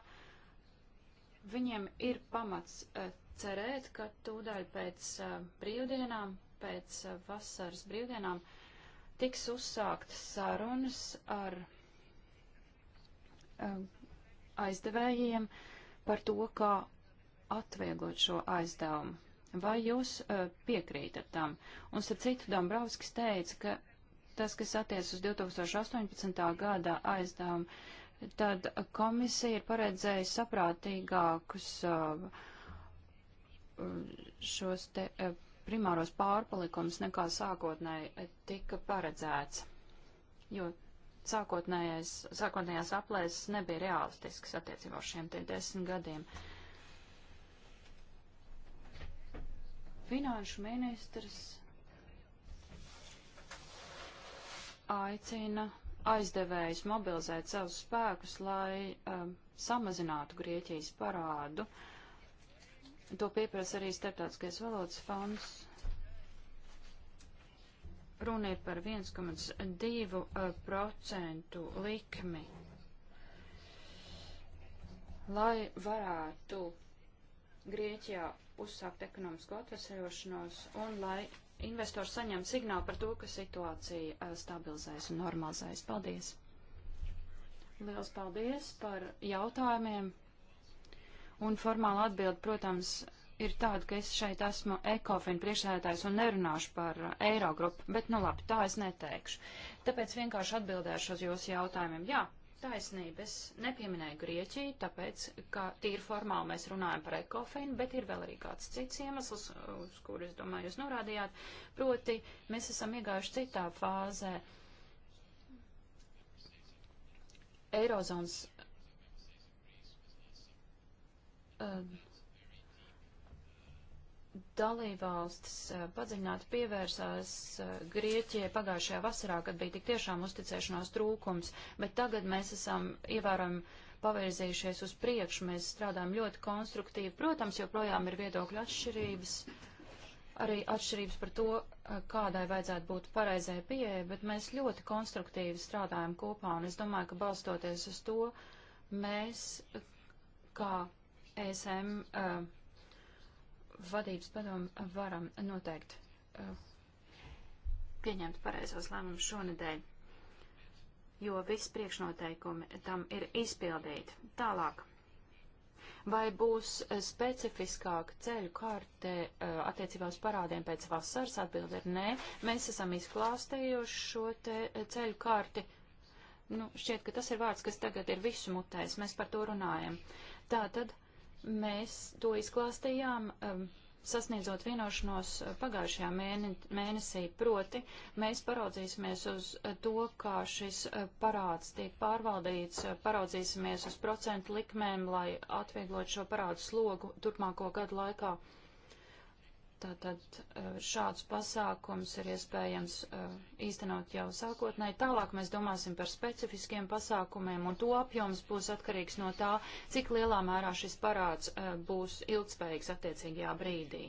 viņiem ir pamats uh, cerēt, ka tūdaļ pēc brīvdienām, pēc vasaras brīvdienām tiks uzsāktas sarunas ar Eh, aizdevējiem par to, kā atvieglot šo aizdevumu. Vai jūs uh, piekrītat tam? Un, starp citu, Dombrovskis teica, ka tas, kas attiec uz 2018. gada aizdevumu, tad komisija ir paredzējusi saprātīgākus uh, šos te uh, primāros pārpalikums nekā sākotnēji tika paredzēts. Jo sākotnējās aplēses nebija realistisks attiecībā uz šiem tie desmit gadiem. Finanšu ministrs aicina aizdevējus mobilizēt savus spēkus, lai um, samazinātu Grieķijas parādu. To pieprasa arī Startautiskais valodas fonds runa ir par 1,2% uh, likmi, lai varētu Grieķijā uzsākt ekonomisko atvesaļošanos un lai investors saņem signālu par to, ka situācija uh, stabilizēs un normalizēs. Paldies! Liels paldies par jautājumiem! Un formāla atbilde, protams, ir tāda, ka es šeit esmu ekofin priekšsēdētājs un nerunāšu par Eirogrupu, bet nu labi, tā es neteikšu. Tāpēc vienkārši atbildēšu uz jūsu jautājumiem. Jā, taisnība, es nepieminēju Grieķiju, tāpēc, ka tīri formāli mēs runājam par ekofinu, bet ir vēl arī kāds cits iemesls, uz kuru, es domāju, jūs norādījāt, proti mēs esam iegājuši citā fāzē. Eirozonas uh, dalībvalstis padziļināti pievērsās Grieķijai pagājušajā vasarā, kad bija tik tiešām uzticēšanās trūkums, bet tagad mēs esam ievērojami pavirzījušies uz priekšu, mēs strādājam ļoti konstruktīvi. Protams, joprojām ir viedokļu atšķirības, arī atšķirības par to, kādai vajadzētu būt pareizai pieeja, bet mēs ļoti konstruktīvi strādājam kopā, un es domāju, ka balstoties uz to, mēs kā ESM uh, vadības padomu varam noteikti uh, eh, pieņemt pareizos lēmumus šonedēļ, jo viss priekšnoteikumi tam ir izpildīti. Tālāk. Vai būs eh, specifiskāka ceļu kārte uh, eh, attiecībā uz parādiem pēc vasaras? Atbilde ir nē. Mēs esam izklāstējuši šo te ceļu kārti. Nu, šķiet, ka tas ir vārds, kas tagad ir visu mutēs. Mēs par to runājam. Tātad Mēs to izklāstījām, um, sasniedzot vienošanos uh, pagājušajā mēne, mēnesī, proti mēs paraudzīsimies uz uh, to, kā šis uh, parāds tiek pārvaldīts, paraudzīsimies uz procentu likmēm, lai atvieglot šo parādu slogu turpmāko gadu laikā. Uh, Tātad eh, šādus pasākums ir iespējams eh, īstenot jau sākotnēji. Tālāk mēs domāsim par specifiskiem pasākumiem, un to apjoms būs atkarīgs no tā, cik lielā mērā šis parāds eh, būs ilgspējīgs attiecīgajā brīdī.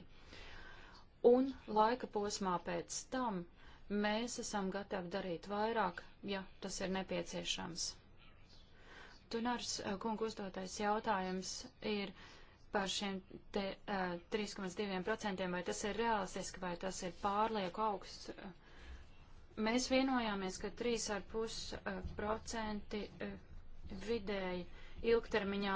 Un laika posmā pēc tam mēs esam gatavi darīt vairāk, ja tas ir nepieciešams. Tunars kungu uzdotais jautājums ir par šiem te, uh, 3,2%, vai tas ir realistiski, vai tas ir pārlieku augsts. Mēs vienojāmies, ka 3,5% vidēji ilgtermiņā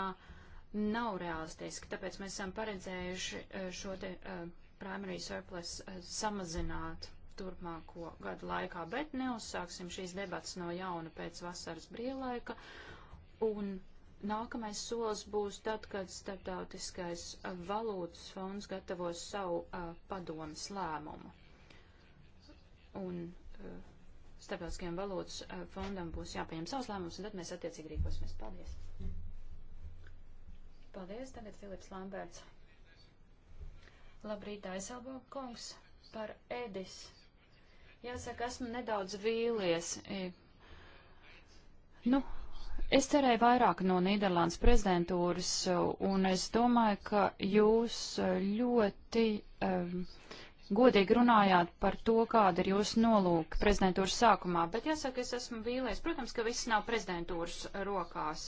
nav realistiski, tāpēc mēs esam paredzējuši šo te uh, primary surplus uh, samazināt turpmāko gadu laikā, bet neuzsāksim šīs debatas no jauna pēc vasaras brīvlaika. Un uh, Nākamais solis būs tad, kad Startautiskais valūtas fonds gatavos savu uh, padomas lēmumu. Un uh, Startautiskajam valūtas uh, fondam būs jāpieņem savs lēmums, un tad mēs attiecīgi rīkosimies. Paldies! Paldies! Tagad Filips Lamberts. Labrīt, Aisalbo kungs par Edis. Jāsaka, esmu nedaudz vīlies. Nu, Es cerēju vairāk no Nīderlandes prezidentūras, un es domāju, ka jūs ļoti um, godīgi runājāt par to, kāda ir jūsu nolūka prezidentūras sākumā. Bet jāsaka, es esmu vīlies. Protams, ka viss nav prezidentūras rokās,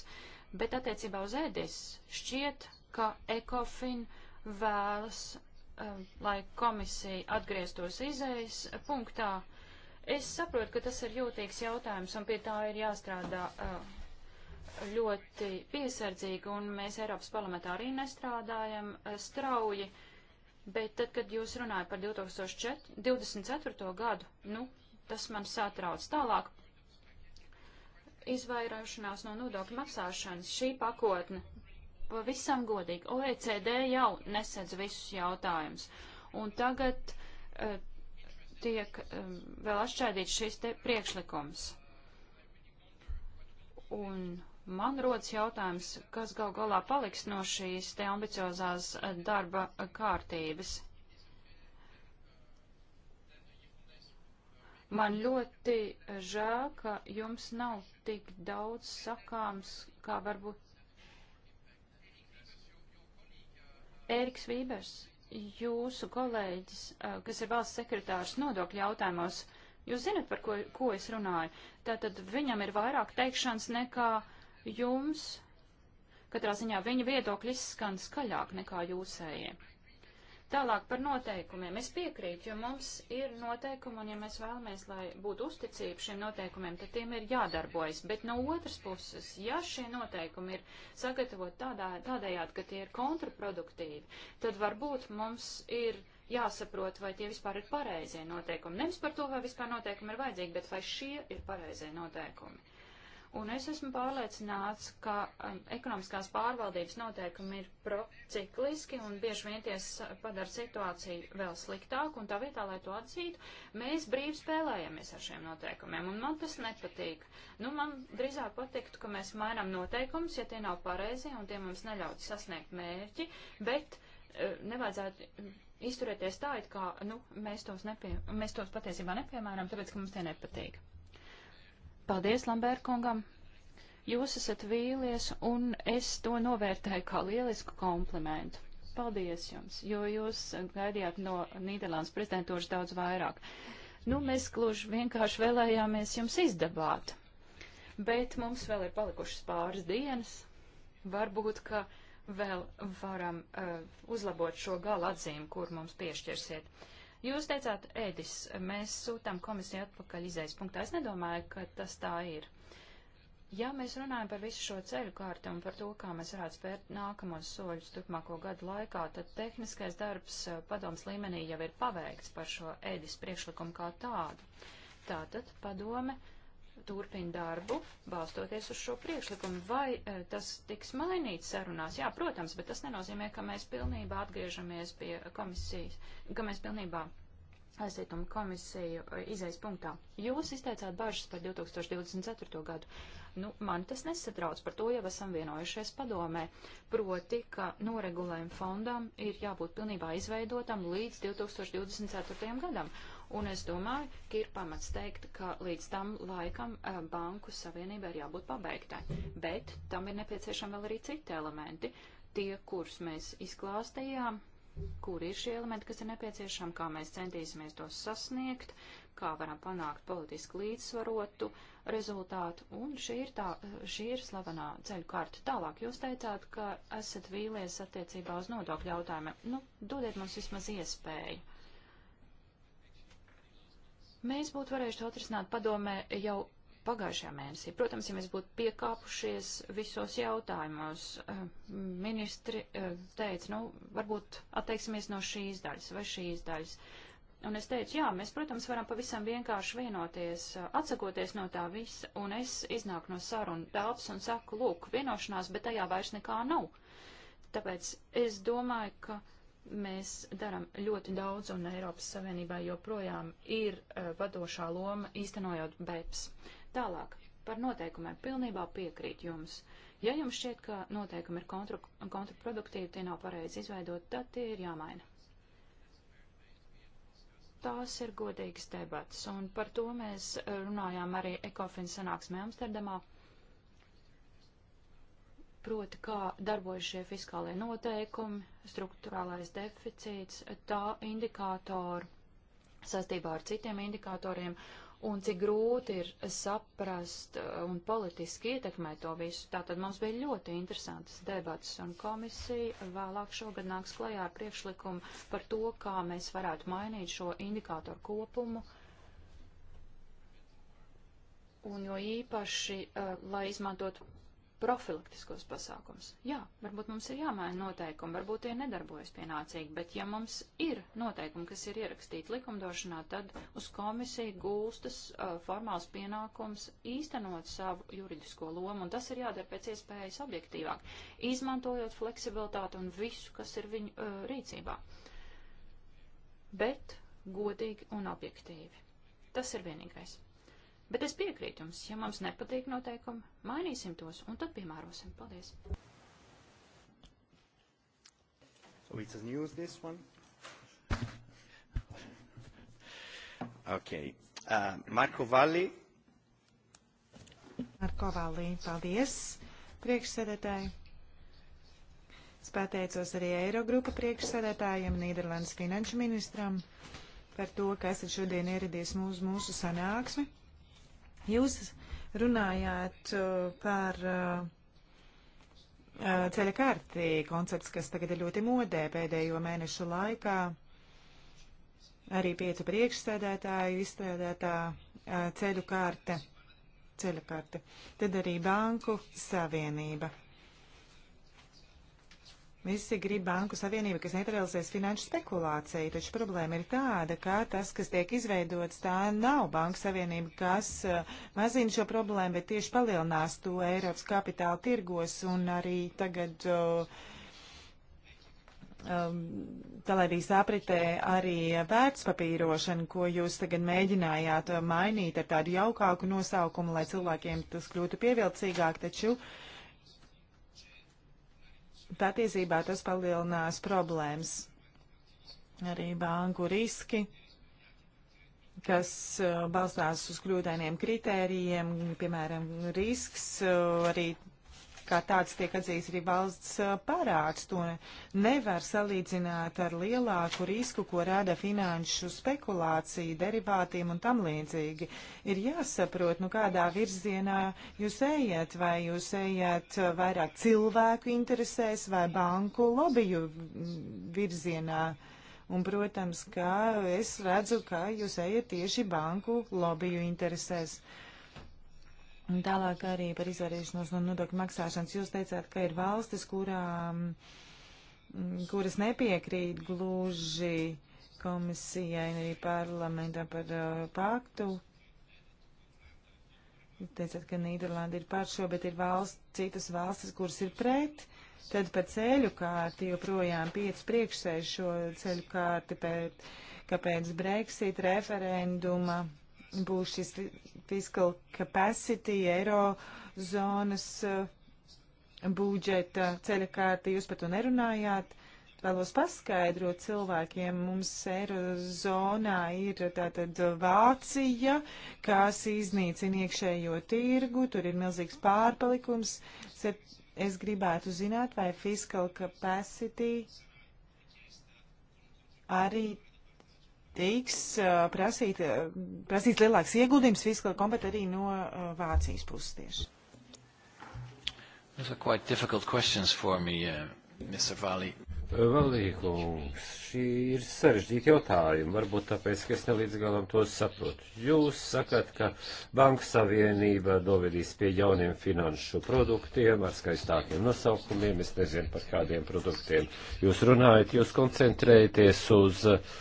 bet attiecībā uz ēdis šķiet, ka ECOFIN vēlas, um, lai komisija atgrieztos izējas punktā. Es saprotu, ka tas ir jūtīgs jautājums, un pie tā ir jāstrādā uh, ļoti piesardzīgi, un mēs Eiropas parlamentā arī nestrādājam eh, strauji, bet tad, kad jūs runājat par 2024. gadu, nu, tas man satrauc tālāk. Izvairīšanās no nodokļu maksāšanas šī pakotne pavisam godīgi. OECD jau nesedz visus jautājumus. Un tagad uh, tiek um, vēl atšķaidīts šis te priekšlikums. Un Man rodas jautājums, kas gal galā paliks no šīs te ambiciozās eh, darba kārtības. Man ļoti žēl, ka jums nav tik daudz sakāms, kā varbūt Ēriks Vībers, jūsu kolēģis, eh, kas ir valsts sekretārs nodokļu jautājumos, jūs zinat, par ko, ko es runāju. Tātad viņam ir vairāk teikšanas nekā uh, jums. Katrā ziņā viņa viedokļi izskan skaļāk nekā jūsējie. Tālāk par noteikumiem. Es piekrītu, jo mums ir noteikumi, un ja mēs vēlamies, lai būtu uzticība šiem noteikumiem, tad tiem ir jādarbojas. Bet no otras puses, ja šie noteikumi ir sagatavot tādā, tādējādi, ka tie ir kontraproduktīvi, tad varbūt mums ir jāsaprot, vai tie vispār ir pareizie noteikumi. Nevis par to, vai vispār noteikumi ir vajadzīgi, bet vai šie ir pareizie noteikumi. Un es esmu pārliecināts, ka um, ekonomiskās pārvaldības noteikumi ir procikliski un bieži vien ties padara situāciju vēl sliktāku, un tā vietā, lai to atzītu, mēs brīvi spēlējamies ar šiem noteikumiem, un man tas nepatīk. Nu, man drīzāk patiktu, ka mēs mainām noteikumus, ja tie nav pareizi, un tie mums neļauj sasniegt mērķi, bet uh, nevajadzētu izturēties tā, it kā nu, mēs, tos nepie, mēs tos patiesībā nepiemēram, tāpēc, ka mums tie nepatīk. Paldies, Lambēr kungam! Jūs esat vīlies, un es to novērtēju kā lielisku komplimentu. Paldies jums, jo jūs gaidījāt no Nīderlandes prezidentūras daudz vairāk. Nu, mēs gluži vienkārši vēlējāmies jums izdabāt, bet mums vēl ir palikušas pāris dienas. Varbūt, ka vēl varam uh, uzlabot šo gala atzīmi, kur mums piešķirsiet. Jūs teicāt, Ēdis, mēs sūtām komisiju atpakaļ izējas punktā. Es nedomāju, ka tas tā ir. Ja mēs runājam par visu šo ceļu kārtu un par to, kā mēs varētu spērt nākamos soļus turpmāko gadu laikā, tad tehniskais darbs eh, padoms līmenī jau ir paveikts par šo ēdis priekšlikumu kā tādu. Tātad padome turpina darbu, balstoties uz šo priekšlikumu. Vai e, tas tiks mainīts sarunās? Jā, protams, bet tas nenozīmē, ka mēs pilnībā atgriežamies pie komisijas, ka mēs pilnībā aizsietumu komisiju e, izaisa punktā. Jūs izteicāt bažas par 2024. gadu. Nu, man tas nesatrauc, par to jau esam vienojušies padomē. Proti, ka noregulējuma fondam ir jābūt pilnībā izveidotam līdz 2024. gadam. Un es domāju, ka ir pamats teikt, ka līdz tam laikam eh, banku savienība ir jābūt pabeigtai. Bet tam ir nepieciešami vēl arī citi elementi. Tie, kurus mēs izklāstījām, kur ir šie elementi, kas ir nepieciešami, kā mēs centīsimies tos sasniegt, kā varam panākt politiski līdzsvarotu rezultātu. Un šī ir, tā, šī ir slavenā ceļu karta. Tālāk jūs teicāt, ka esat vīlies attiecībā uz nodokļu jautājumiem. Nu, dodiet mums vismaz iespēju. Mēs būtu varējuši to atrisināt padomē jau pagājušajā mēnesī. Protams, ja mēs būtu piekāpušies visos jautājumos, eh, ministri eh, teica, nu, varbūt atteiksimies no šīs daļas vai šīs daļas. Un es teicu, jā, mēs, protams, varam pavisam vienkārši vienoties, eh, atsakoties no tā visa, un es iznāku no sarunu telpas un saku, lūk, vienošanās, bet tajā vairs nekā nav. Tāpēc es domāju, ka Mēs darām ļoti daudz, un Eiropas Savienībā joprojām ir uh, vadošā loma īstenojot BEPS. Tālāk par noteikumiem pilnībā piekrīt jums. Ja jums šķiet, ka noteikumi ir kontru, kontraproduktīvi, tie nav pareizi izveidot, tad tie ir jāmaina. Tās ir godīgas debatas, un par to mēs runājām arī Ekofin sanāksmē Amsterdamā. Uh, proti kā darbojas šie fiskālie noteikumi, struktūrālais deficīts, tā indikātori saistībā ar citiem indikatoriem un cik grūti ir saprast uh, un politiski ietekmēt to visu. Tātad mums bija ļoti interesantas debatas, un komisija vēlāk šogad nāks klajā ar priekšlikumu par to, kā mēs varētu mainīt šo indikātoru kopumu. Un jo īpaši, uh, lai izmantot profilaktiskos pasākums. Jā, varbūt mums ir jāmaina noteikumi, varbūt tie nedarbojas pienācīgi, bet ja mums ir noteikumi, kas ir ierakstīti likumdošanā, tad uz komisiju gūstas uh, formāls pienākums īstenot savu juridisko lomu, un tas ir jādara pēc iespējas objektīvāk, izmantojot fleksibilitāti un visu, kas ir viņu uh, rīcībā. Bet godīgi un objektīvi. Tas ir vienīgais. Bet es piekrītu jums, ja mums nepatīk noteikumi, mainīsim tos un tad piemērosim. Paldies! So it's news, this one. okay. Uh, Marko Valli. Marko Valli, paldies priekšsēdētāji. Es pateicos arī Eirogrupa priekšsēdētājiem, Nīderlandes finanšu ministram par to, ka esat šodien ieradies mūsu, mūsu sanāksmi. Jūs runājāt uh, par uh, uh, ceļa karti, koncepts, kas tagad ir ļoti modē pēdējo mēnešu laikā. Arī piecu priekšsēdētāju izstrādātā ceļu karte. Ceļa karte. Tad arī banku savienība. Visi grib banku savienību, kas neutralizēs finanšu spekulāciju, taču problēma ir tāda, ka tas, kas tiek izveidots, tā nav banku savienība, kas uh, mazina šo problēmu, bet tieši palielinās to Eiropas kapitāla tirgos un arī tagad. Uh, um, Televīzijas apritē arī vērtspapīrošana, ko jūs tagad mēģinājāt eh, mainīt ar tādu jaukāku nosaukumu, lai cilvēkiem tas kļūtu pievilcīgāk, taču uh, patiesībā tas palielinās problēmas. Arī banku riski, kas uh, balstās uz kļūdainiem kritērijiem, piemēram, risks uh, arī kā tāds tiek atzīts arī valsts parāds. To nevar salīdzināt ar lielāku risku, ko rada finanšu spekulācija, derivātiem un tam līdzīgi. Ir jāsaprot, nu kādā virzienā jūs ejat, vai jūs ejat vairāk cilvēku interesēs vai banku lobiju virzienā. Un, protams, kā es redzu, ka jūs ejat tieši banku lobiju interesēs. Uh, Un tālāk arī par izvairīšanos no nodokļu maksāšanas. Jūs teicāt, ka ir valstis, kurām, kuras nepiekrīt gluži komisijai un arī parlamentā par uh, paktu. Jūs teicāt, ka Nīderlanda ir par šo, bet ir valsts, citas valstis, kuras ir pret. Tad par ceļu kārti joprojām piec priekšsēž šo ceļu kārti pēc, kāpēc Brexit referenduma būs šis fiscal capacity, eiro zonas eh, budžeta ceļa kārta. Jūs par to nerunājāt. Vēlos paskaidrot cilvēkiem, mums eirozonā ir tātad Vācija, kas iznīcina iekšējo tirgu, tur ir milzīgs pārpalikums. Es gribētu zināt, vai fiscal capacity arī tiks prasīt, prasīts lielāks ieguldījums fiskālajā kompetē arī no Vācijas puses tieši. Those are quite difficult questions for me, uh, Mr. Vali. Valīkungs, šī ir sarežģīta jautājuma, varbūt tāpēc, ka es nelīdz galam tos saprotu. Jūs sakat, ka Banka Savienība dovedīs pie jauniem finanšu produktiem ar skaistākiem nosaukumiem, es nezinu par kādiem produktiem jūs runājat, jūs koncentrējaties uz uh,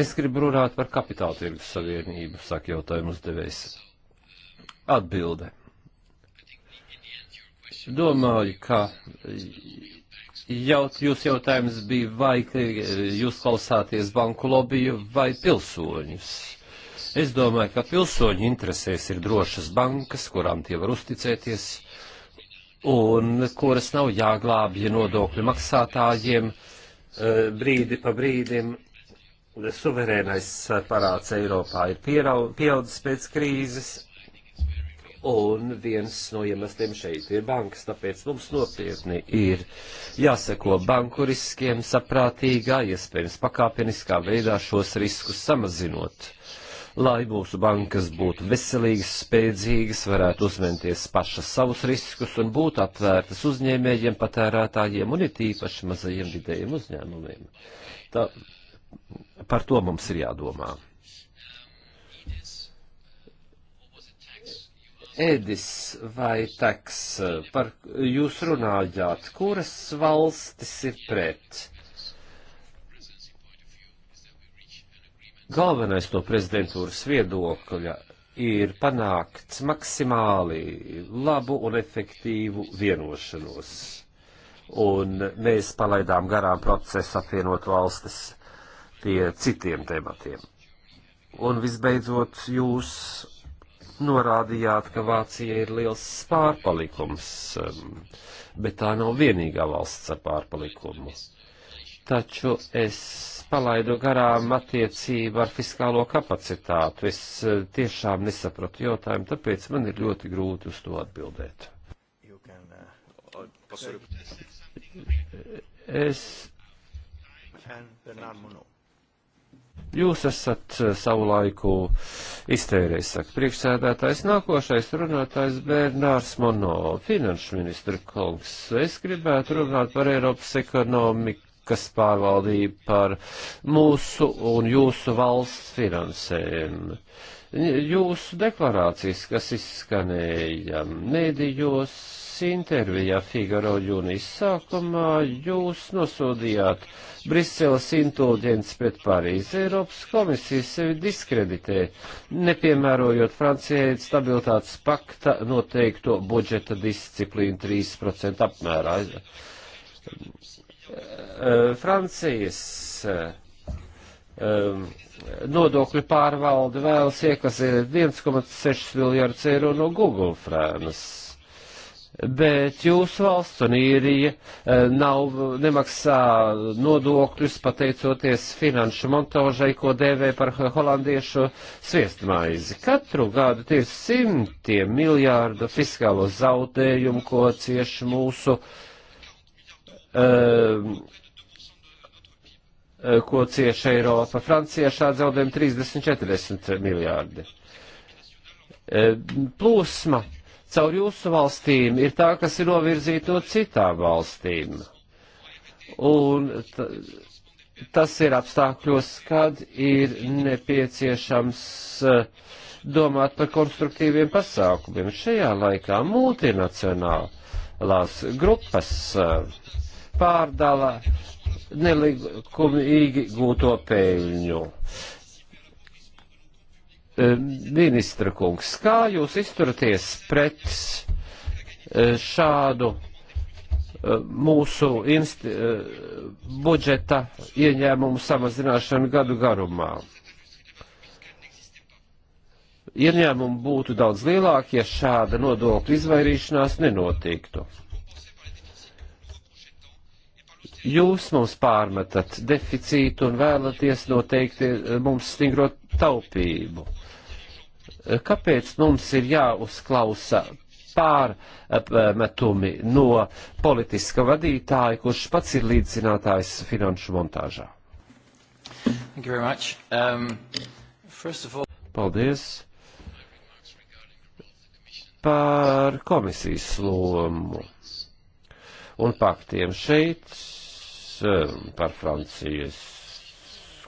Es gribu runāt par kapitāla tirgus savienību, saka jautājumu uzdevējs. Atbilde. Domāju, ka jaut, jūs jautājums bija, vai jūs klausāties banku lobiju vai pilsoņus. Es domāju, ka pilsoņu interesēs ir drošas bankas, kurām tie var uzticēties un kuras nav jāglābja nodokļu maksātājiem eh, brīdi pa brīdim suverēnais parāds Eiropā ir pieaudzis pēc krīzes, un viens no iemesliem šeit ir bankas, tāpēc mums nopietni ir jāseko banku riskiem saprātīgā, iespējams pakāpeniskā veidā šos riskus samazinot. Lai mūsu bankas būtu veselīgas, spēcīgas, varētu uzmenties pašas savus riskus un būt atvērtas uzņēmējiem, patērētājiem un it īpaši mazajiem vidējiem uzņēmumiem. Tā, Par to mums ir jādomā. Edis vai Teks, par jūs runājāt, kuras valstis ir pret? Galvenais no prezidentūras viedokļa ir panākt maksimāli labu un efektīvu vienošanos. Un mēs palaidām garām procesu apvienot valstis pie citiem tematiem. Un visbeidzot, jūs norādījāt, ka Vācija ir liels pārpalikums, um, bet tā nav vienīgā valsts ar pārpalikumu. Taču es palaidu garām attiecību ar fiskālo kapacitātu. Es uh, tiešām nesapratu jautājumu, tāpēc man ir ļoti grūti uz to atbildēt. Uh, es. Jūs esat eh, savu laiku iztērējis, saka priekšsēdētājs. Nākošais runātājs Bernārs Mono, finanšu ministra kungs. Es gribētu runāt par Eiropas ekonomikas pārvaldību, par mūsu un jūsu valsts finansēm jūsu deklarācijas, kas izskanēja mēdījos, intervijā Figaro jūnija sākumā jūs nosodījāt Briseles intūdiens pret Parīzi. Eiropas komisija sevi diskreditē, nepiemērojot Francijai stabilitātes pakta noteikto budžeta disciplīnu 3% apmērā. Francijas um, nodokļu pārvalde vēlas iekasēt 1,6 miljardus eiro no Google frēnas bet jūsu valsts un īrija eh, nav, nemaksā nodokļus pateicoties finanšu montāžai, ko dēvē par holandiešu sviestmaizi. Katru gadu tie ir simtiem miljārdu fiskālo zaudējumu, ko cieš mūsu. Um, ko cieš Eiropa. Francijā šādi zaudējumi 30-40 miljārdi. Eh, plūsma caur jūsu valstīm ir tā, kas ir novirzīta no citām valstīm. Un tas ir apstākļos, kad ir nepieciešams eh, domāt par konstruktīviem pasākumiem. Šajā laikā multinacionālās grupas eh, pārdala nelikumīgi gūto peļņu. Uh, Eh, ministra kungs, kā jūs izturaties pret eh, šādu eh, mūsu insti, budžeta ieņēmumu samazināšanu gadu garumā? Ieņēmumi būtu daudz lielāki, ja šāda nodokļa izvairīšanās nenotiktu. Jūs mums pārmetat deficītu un vēlaties noteikti mums stingrot taupību. Uh, Kāpēc mums ir jāuzklausa pārmetumi no politiska vadītāja, kurš pats ir līdzinātājs finanšu montāžā? Um, all... Paldies par komisijas lomu un paktiem šeit um, par Francijas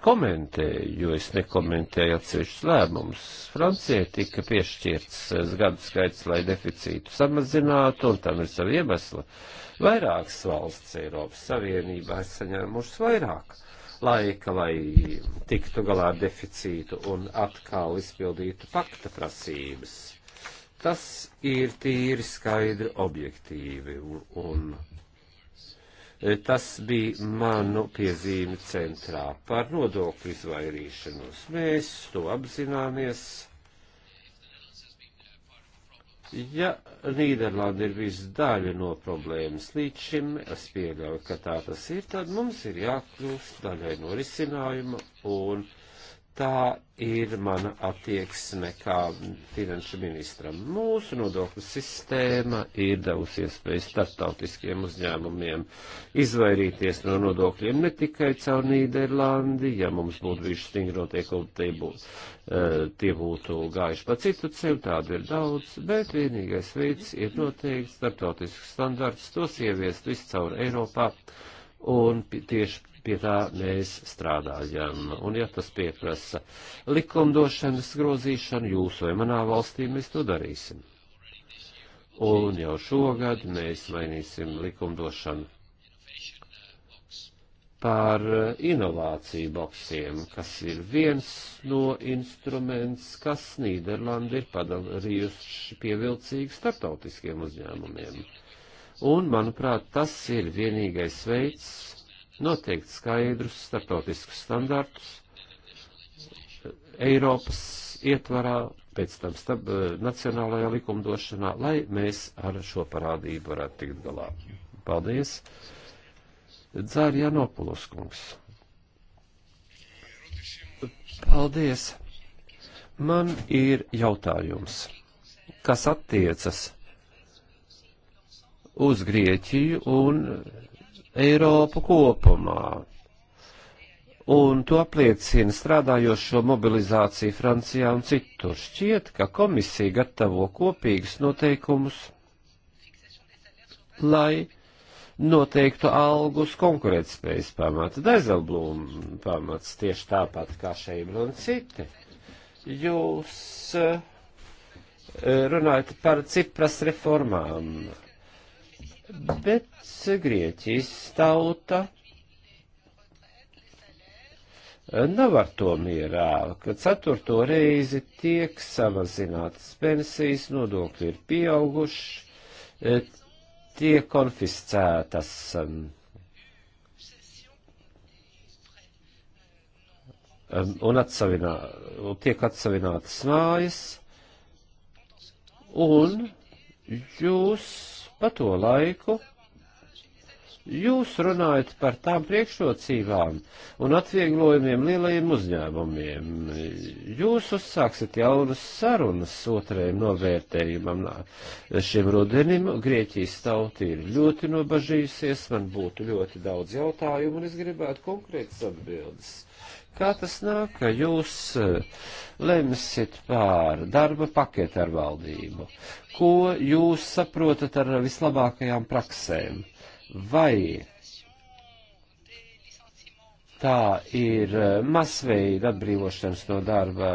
komentēju, jo es nekomentēju atsevišķus lēmumus. Francijai tika piešķirts eh, gadu skaits, lai deficītu samazinātu, un tam ir savi iemesli. Vairākas valsts Eiropas Savienībā ir saņēmušas vairāk laika, lai tiktu galā ar deficītu un atkal izpildītu pakta prasības. Tas ir tīri skaidri objektīvi un. un Tas bija manu piezīmi centrā par nodokļu izvairīšanos. Mēs to apzināmies. Ja Nīderlanda ir visu daļu no problēmas līdz šim, es pieļauju, ka tā tas ir, tad mums ir jākļūst daļai no risinājuma un Tā ir mana attieksme kā finanšu ministram. Mūsu nodokļu sistēma ir devusi iespēju startautiskiem uzņēmumiem izvairīties no nodokļiem ne tikai caur Nīderlandi, ja mums būtu bijuši stingri notiekumi, tie, bū, eh, tie būtu gājuši pa citu ceļu, tādu ir daudz, bet vienīgais veids ir noteikti startautiskus standartus, tos ieviest viscaur Eiropā un tieši pie tā mēs strādājam. Un ja tas pieprasa likumdošanas grozīšanu jūsu vai manā valstī, mēs to darīsim. Un jau šogad mēs mainīsim likumdošanu par inovāciju boksiem, kas ir viens no instruments, kas Nīderlanda ir padarījusi pievilcīgu starptautiskiem uzņēmumiem. Un, manuprāt, tas ir vienīgais veids, noteikt skaidrus startautiskus standartus Eiropas ietvarā, pēc tam stab, eh, nacionālajā likumdošanā, lai mēs ar šo parādību varētu tikt galā. Paldies! Dzēr Janopulos kungs. Paldies! Man ir jautājums, kas attiecas uz Grieķiju un Eiropu kopumā. Un to apliecina strādājošo mobilizāciju Francijā un citur. Šķiet, ka komisija gatavo kopīgus noteikumus, lai noteiktu algus konkurētspējas pamata, Daizelblūma pamats tieši tāpat kā Šeibla un citi. Jūs eh, runājat par Cipras reformām Bet Grieķijas tauta nav ar to mierā, ka ceturto reizi tiek samazinātas pensijas, nodokļi ir pieauguši, e, tiek konfiscētas. Um, um, un atsavinā, tiek atsavinātas mājas, un jūs pa to laiku jūs runājat par tām priekšrocībām un atvieglojumiem lielajiem uzņēmumiem. Jūs uzsāksiet jaunas sarunas otrajam novērtējumam šim rudenim. Grieķijas tauta ir ļoti nobažījusies, man būtu ļoti daudz jautājumu un es gribētu konkrētas atbildes kā tas nāk, ka jūs eh, lemsiet pār darba paketu ar valdību, ko jūs saprotat ar vislabākajām praksēm, vai tā ir eh, masveida atbrīvošanas no darba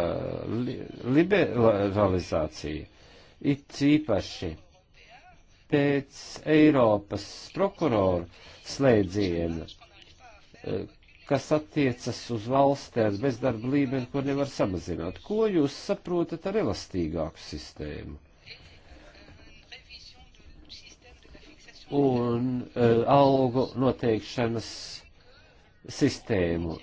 liberalizācija, it īpaši pēc Eiropas prokuroru slēdziena, eh, kas attiecas uz valstēs bezdarba līmeni, ko nevar samazināt. Ko jūs saprotat ar elastīgāku sistēmu? Un uh, algu noteikšanas sistēmu.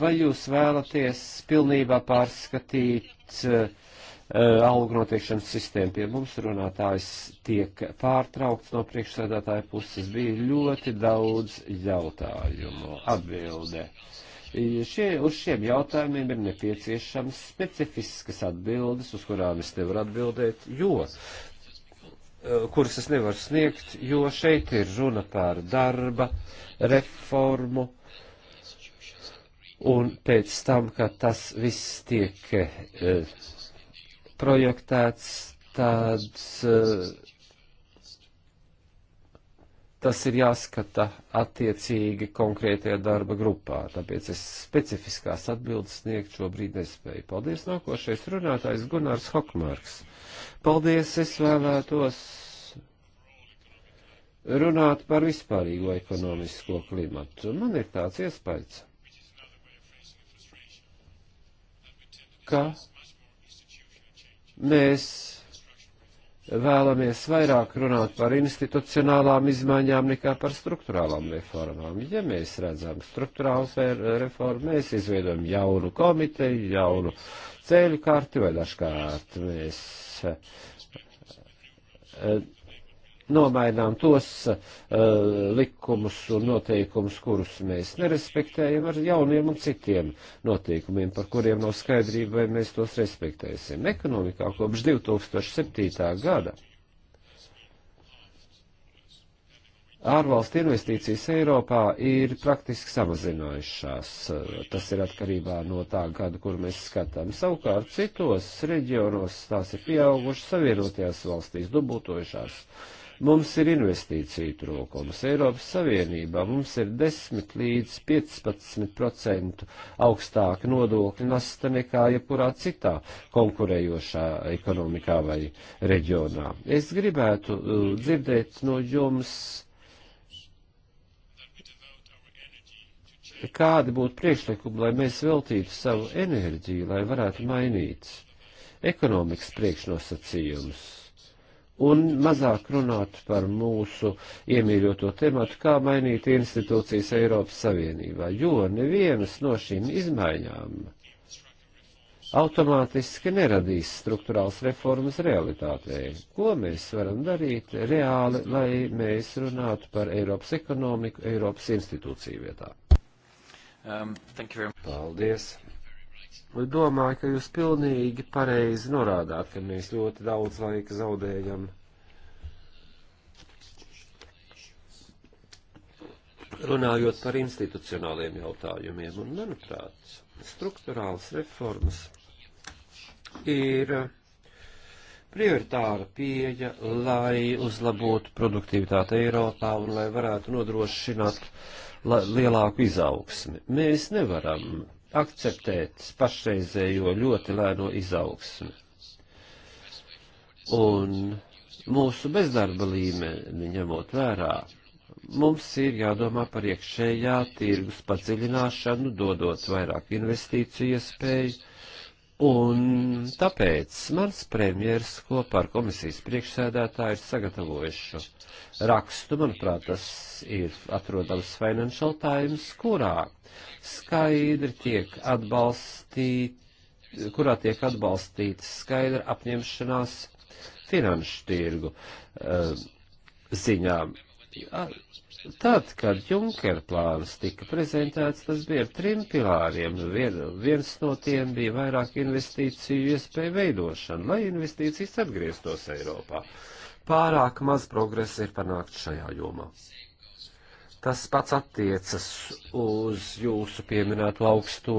Vai jūs vēlaties pilnībā pārskatīt uh, Eh, algu noteikšanas sistēmu pie mums runātājs tiek pārtraukts no priekšsēdētāja puses. Bija ļoti daudz jautājumu. Atbilde. Eh, šie, uz šiem jautājumiem ir nepieciešams specifiskas atbildes, uz kurām es nevaru atbildēt, jo eh, kuras es nevaru sniegt, jo šeit ir runa par darba reformu, un pēc tam, kad tas viss tiek projektēts, tad eh, tas ir jāskata attiecīgi konkrētajā darba grupā, tāpēc es specifiskās atbildes sniegt šobrīd nespēju. Paldies, nākošais runātājs Gunārs Hokmārks. Paldies, es vēlētos runāt par vispārīgo ekonomisko klimatu. Man ir tāds iespējas, ka Mēs vēlamies vairāk runāt par institucionālām izmaiņām nekā par struktūrālām reformām. Ja mēs redzam struktūrālas reformas, mēs izveidojam jaunu komiteju, jaunu ceļu karti vai dažkārt mēs eh, nomainām tos uh, likumus un noteikumus, kurus mēs nerespektējam ar jauniem un citiem noteikumiem, par kuriem nav skaidrība, vai mēs tos respektēsim. Ekonomikā kopš 2007. gada ārvalstu investīcijas Eiropā ir praktiski samazinājušās. Tas ir atkarībā no tā gada, kur mēs skatām. Savukārt citos reģionos tās ir pieaugušas, savienotajās valstīs dubultojušās. Uh, Mums ir investīciju trūkums. Eiropas Savienībā mums ir 10 līdz 15% augstāka nodokļa nasta nekā jebkurā citā konkurējošā ekonomikā vai reģionā. Es gribētu uh, dzirdēt no jums. kādi būtu priekšlikumi, lai mēs veltītu savu enerģiju, lai varētu mainīt ekonomikas priekšnosacījumus, un mazāk runāt par mūsu iemīļoto tematu, kā mainīt institūcijas Eiropas Savienībā, jo nevienas no šīm izmaiņām automātiski neradīs struktūrāls reformas realitātei. Ko mēs varam darīt reāli, lai mēs runātu par Eiropas ekonomiku, Eiropas institūciju vietā? Um, Paldies! Domāju, ka jūs pilnīgi pareizi norādāt, ka mēs ļoti daudz laika zaudējam runājot par institucionāliem jautājumiem. Un, manuprāt, struktūrāls reformas ir prioritāra pieeja, lai uzlabotu produktivitāti Eiropā un lai varētu nodrošināt lielāku izaugsmi. Mēs nevaram akceptēt pašreizējo ļoti lēno izaugsmi. Un mūsu bezdarba līmeni ņemot vērā, mums ir jādomā par iekšējā tirgus padziļināšanu, dodot vairāk investīciju iespēju Un tāpēc mans premjers kopā ar komisijas priekšsēdētāju ir sagatavojuši rakstu, manuprāt, tas ir atrodams Financial Times, kurā skaidri tiek atbalstīt, kurā tiek atbalstīta skaidra apņemšanās finanšu tirgu eh, ziņām. Tad, kad Junker plāns tika prezentēts, tas bija ar trim pilāriem. Vien, viens no tiem bija vairāk investīciju iespēju veidošana, lai investīcijas atgrieztos Eiropā. Pārāk maz progresa ir panākt šajā jomā. Tas pats attiecas uz jūsu pieminēto augsto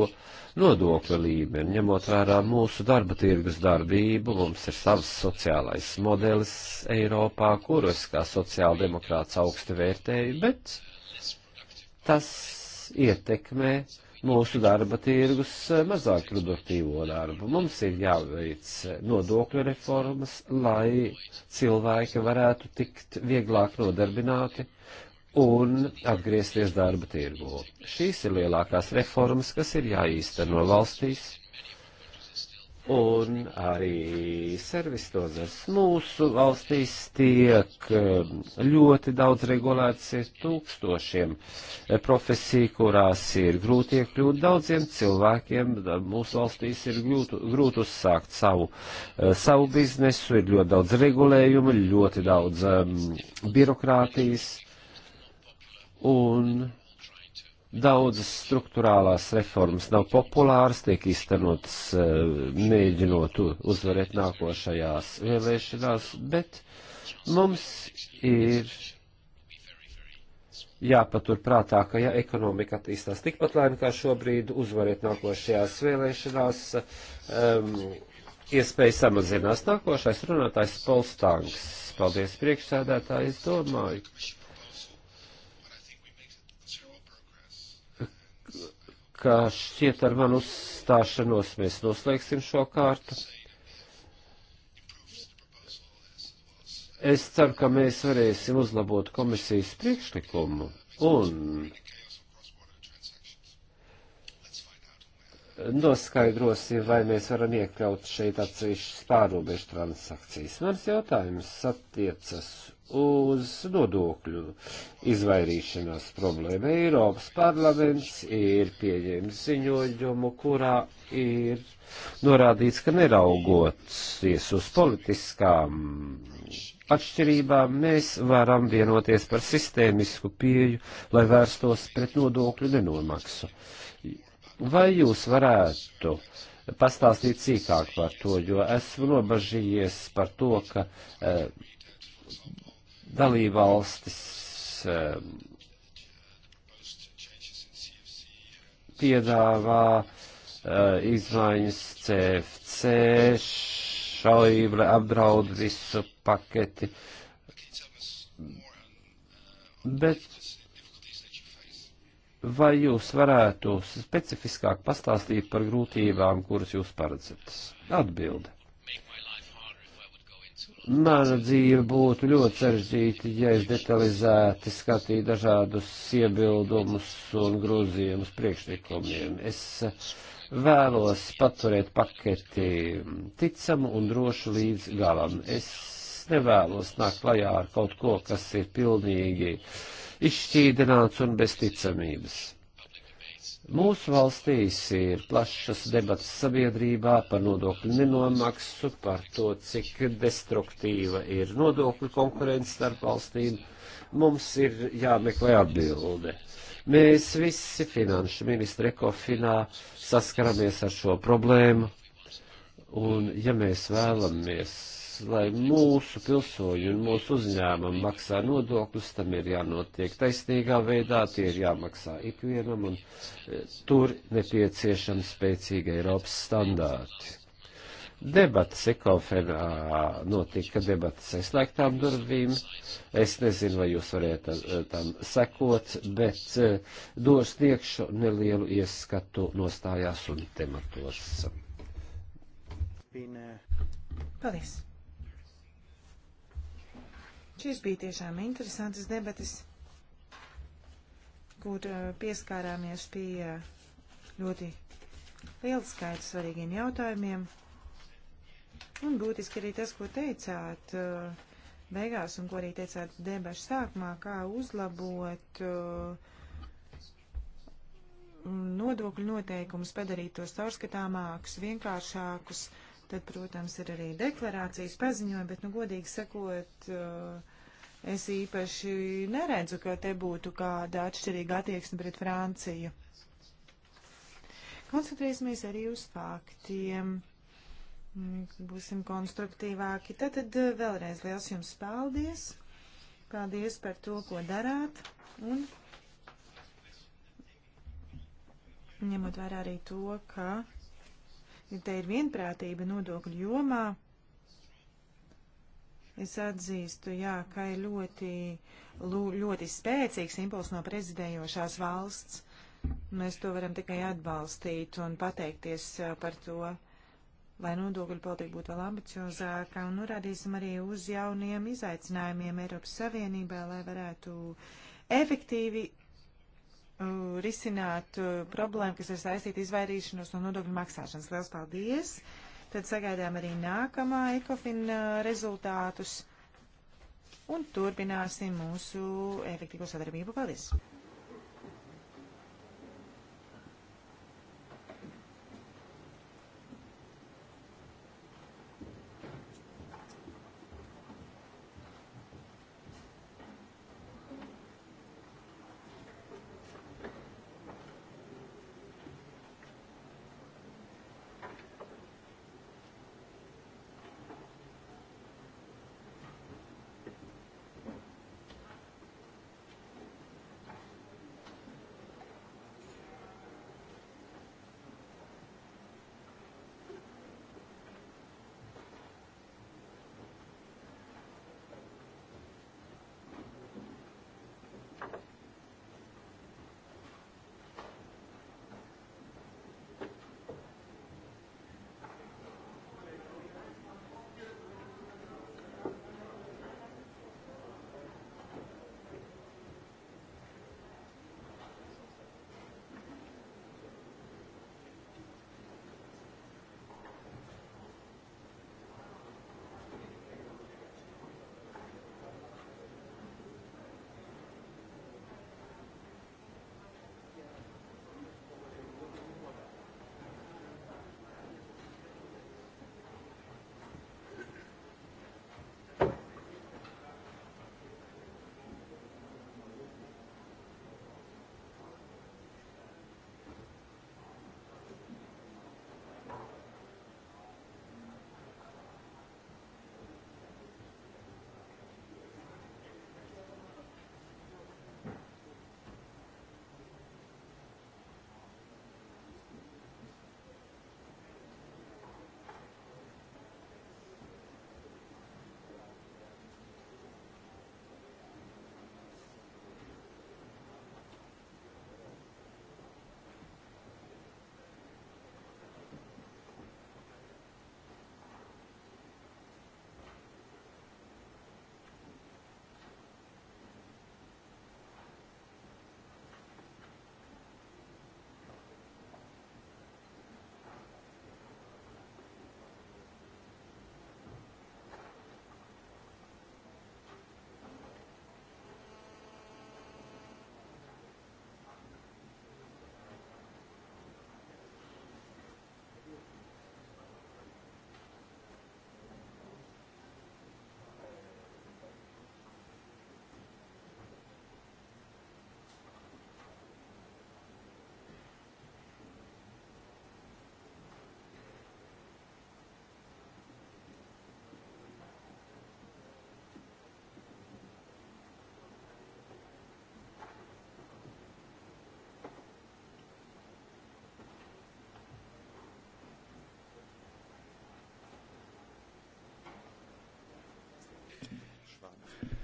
nodokļu līmeni. Ņemot vērā mūsu darba tirgus darbību, mums ir savs sociālais modelis Eiropā, kuru es kā sociāldemokrāts augsti vērtēju, bet tas ietekmē mūsu darba tirgus mazāk produktīvo darbu. Mums ir jāveic nodokļu reformas, lai cilvēki varētu tikt vieglāk nodarbināti un atgriezties darba tirgu. Šīs ir lielākās reformas, kas ir jāīsteno valstīs, un arī servistozars mūsu valstīs tiek um, ļoti daudz regulēts ir tūkstošiem eh, profesiju, kurās ir grūti iekļūt daudziem cilvēkiem. Mūsu valstīs ir grūti, grūti uzsākt savu, eh, savu biznesu, ir ļoti daudz regulējumu, ļoti daudz um, birokrātijas un daudzas struktūrālās reformas nav populāras, tiek īstenotas eh, mēģinot uzvarēt nākošajās vēlēšanās, bet mums ir jāpatur prātā, ka ja ekonomika attīstās tikpat lēni kā šobrīd, uzvarēt nākošajās vēlēšanās, um, ehm, iespēja samazinās nākošais runātājs Polstāngs. Paldies priekšsēdētāji, es domāju ka šķiet ar manu uzstāšanos mēs noslēgsim šo kārtu. Es ceru, ka mēs varēsim uzlabot komisijas priekšlikumu un noskaidrosim, vai mēs varam iekļaut šeit atsevišķas pārobežu transakcijas. Mans jautājums attiecas uz nodokļu izvairīšanās problēmu. Eiropas parlaments ir pieņēmis ziņojumu, kurā ir norādīts, ka neraugoties uz politiskām atšķirībām, mēs varam vienoties par sistēmisku pieju, lai vērstos pret nodokļu nenomaksu. Vai jūs varētu pastāstīt sīkāk par to, jo esmu nobažījies par to, ka eh, dalībvalstis ehm, piedāvā eh, izmaiņas CFC, šaujible apdraud visu paketi. Bet vai jūs varētu specifiskāk pastāstīt par grūtībām, kuras jūs paredzat? Atbilde. Mana dzīve būtu ļoti sarežģīta, ja es detalizēti skatītu dažādus iebildumus un grozījumus priekšlikumiem. Es eh, vēlos paturēt paketi ticamu un drošu līdz galam. Es nevēlos nākt klajā ar kaut ko, kas ir pilnīgi izšķīdināts un bez ticamības. Mūsu valstīs ir plašas debatas sabiedrībā par nodokļu nenomaksu, par to, cik destruktīva ir nodokļu konkurence starp valstīm. Mums ir jāmeklē atbilde. Mēs visi finanšu ministri ekofinā saskaramies ar šo problēmu, un ja mēs vēlamies lai mūsu pilsoņi un mūsu uzņēmumi maksā nodokļus, tam ir jānotiek taisnīgā veidā, tie ir jāmaksā ikvienam, un e, tur nepieciešami spēcīgi Eiropas standārti. Debates Ekofenā notika debates aizslēgtām durvīm. Es nezinu, vai jūs varētu e, tam sekot, bet e, dos tiekšu nelielu ieskatu nostājās un tematos. Bine. Paldies! Šīs bija tiešām interesantas debatas, kur eh, pieskārāmies pie eh, ļoti liela skaita svarīgiem jautājumiem. Un būtiski arī tas, ko teicāt eh, beigās un ko arī teicāt debašu sākumā, kā uzlabot nodokļu noteikumus, padarīt tos caurskatāmākus, vienkāršākus. Uh, Tad, protams, ir arī deklarācijas paziņojumi, bet, nu, godīgi sakot, uh, es īpaši neredzu, ka te būtu kāda atšķirīga attieksme pret Franciju. Koncentrēsimies arī uz faktiem. Mm, būsim konstruktīvāki. Tad, tad uh, vēlreiz liels jums paldies. Paldies par to, ko darāt. Un ņemot vērā arī to, ka ja te ir vienprātība nodokļu jomā, es atzīstu, jā, ka ir ļoti, ļoti spēcīgs impuls no prezidējošās valsts. Mēs to varam tikai atbalstīt un pateikties par to, lai nodokļu politika būtu vēl ambiciozāka un norādīsim nu, arī uz jauniem izaicinājumiem Eiropas Savienībā, lai varētu efektīvi Uh, risināt uh, problēmu, kas ir saistīta izvairīšanos no nodokļu maksāšanas. Liels paldies! Tad sagaidām arī nākamā ekofina uh, rezultātus un turpināsim mūsu efektīvo sadarbību. Paldies!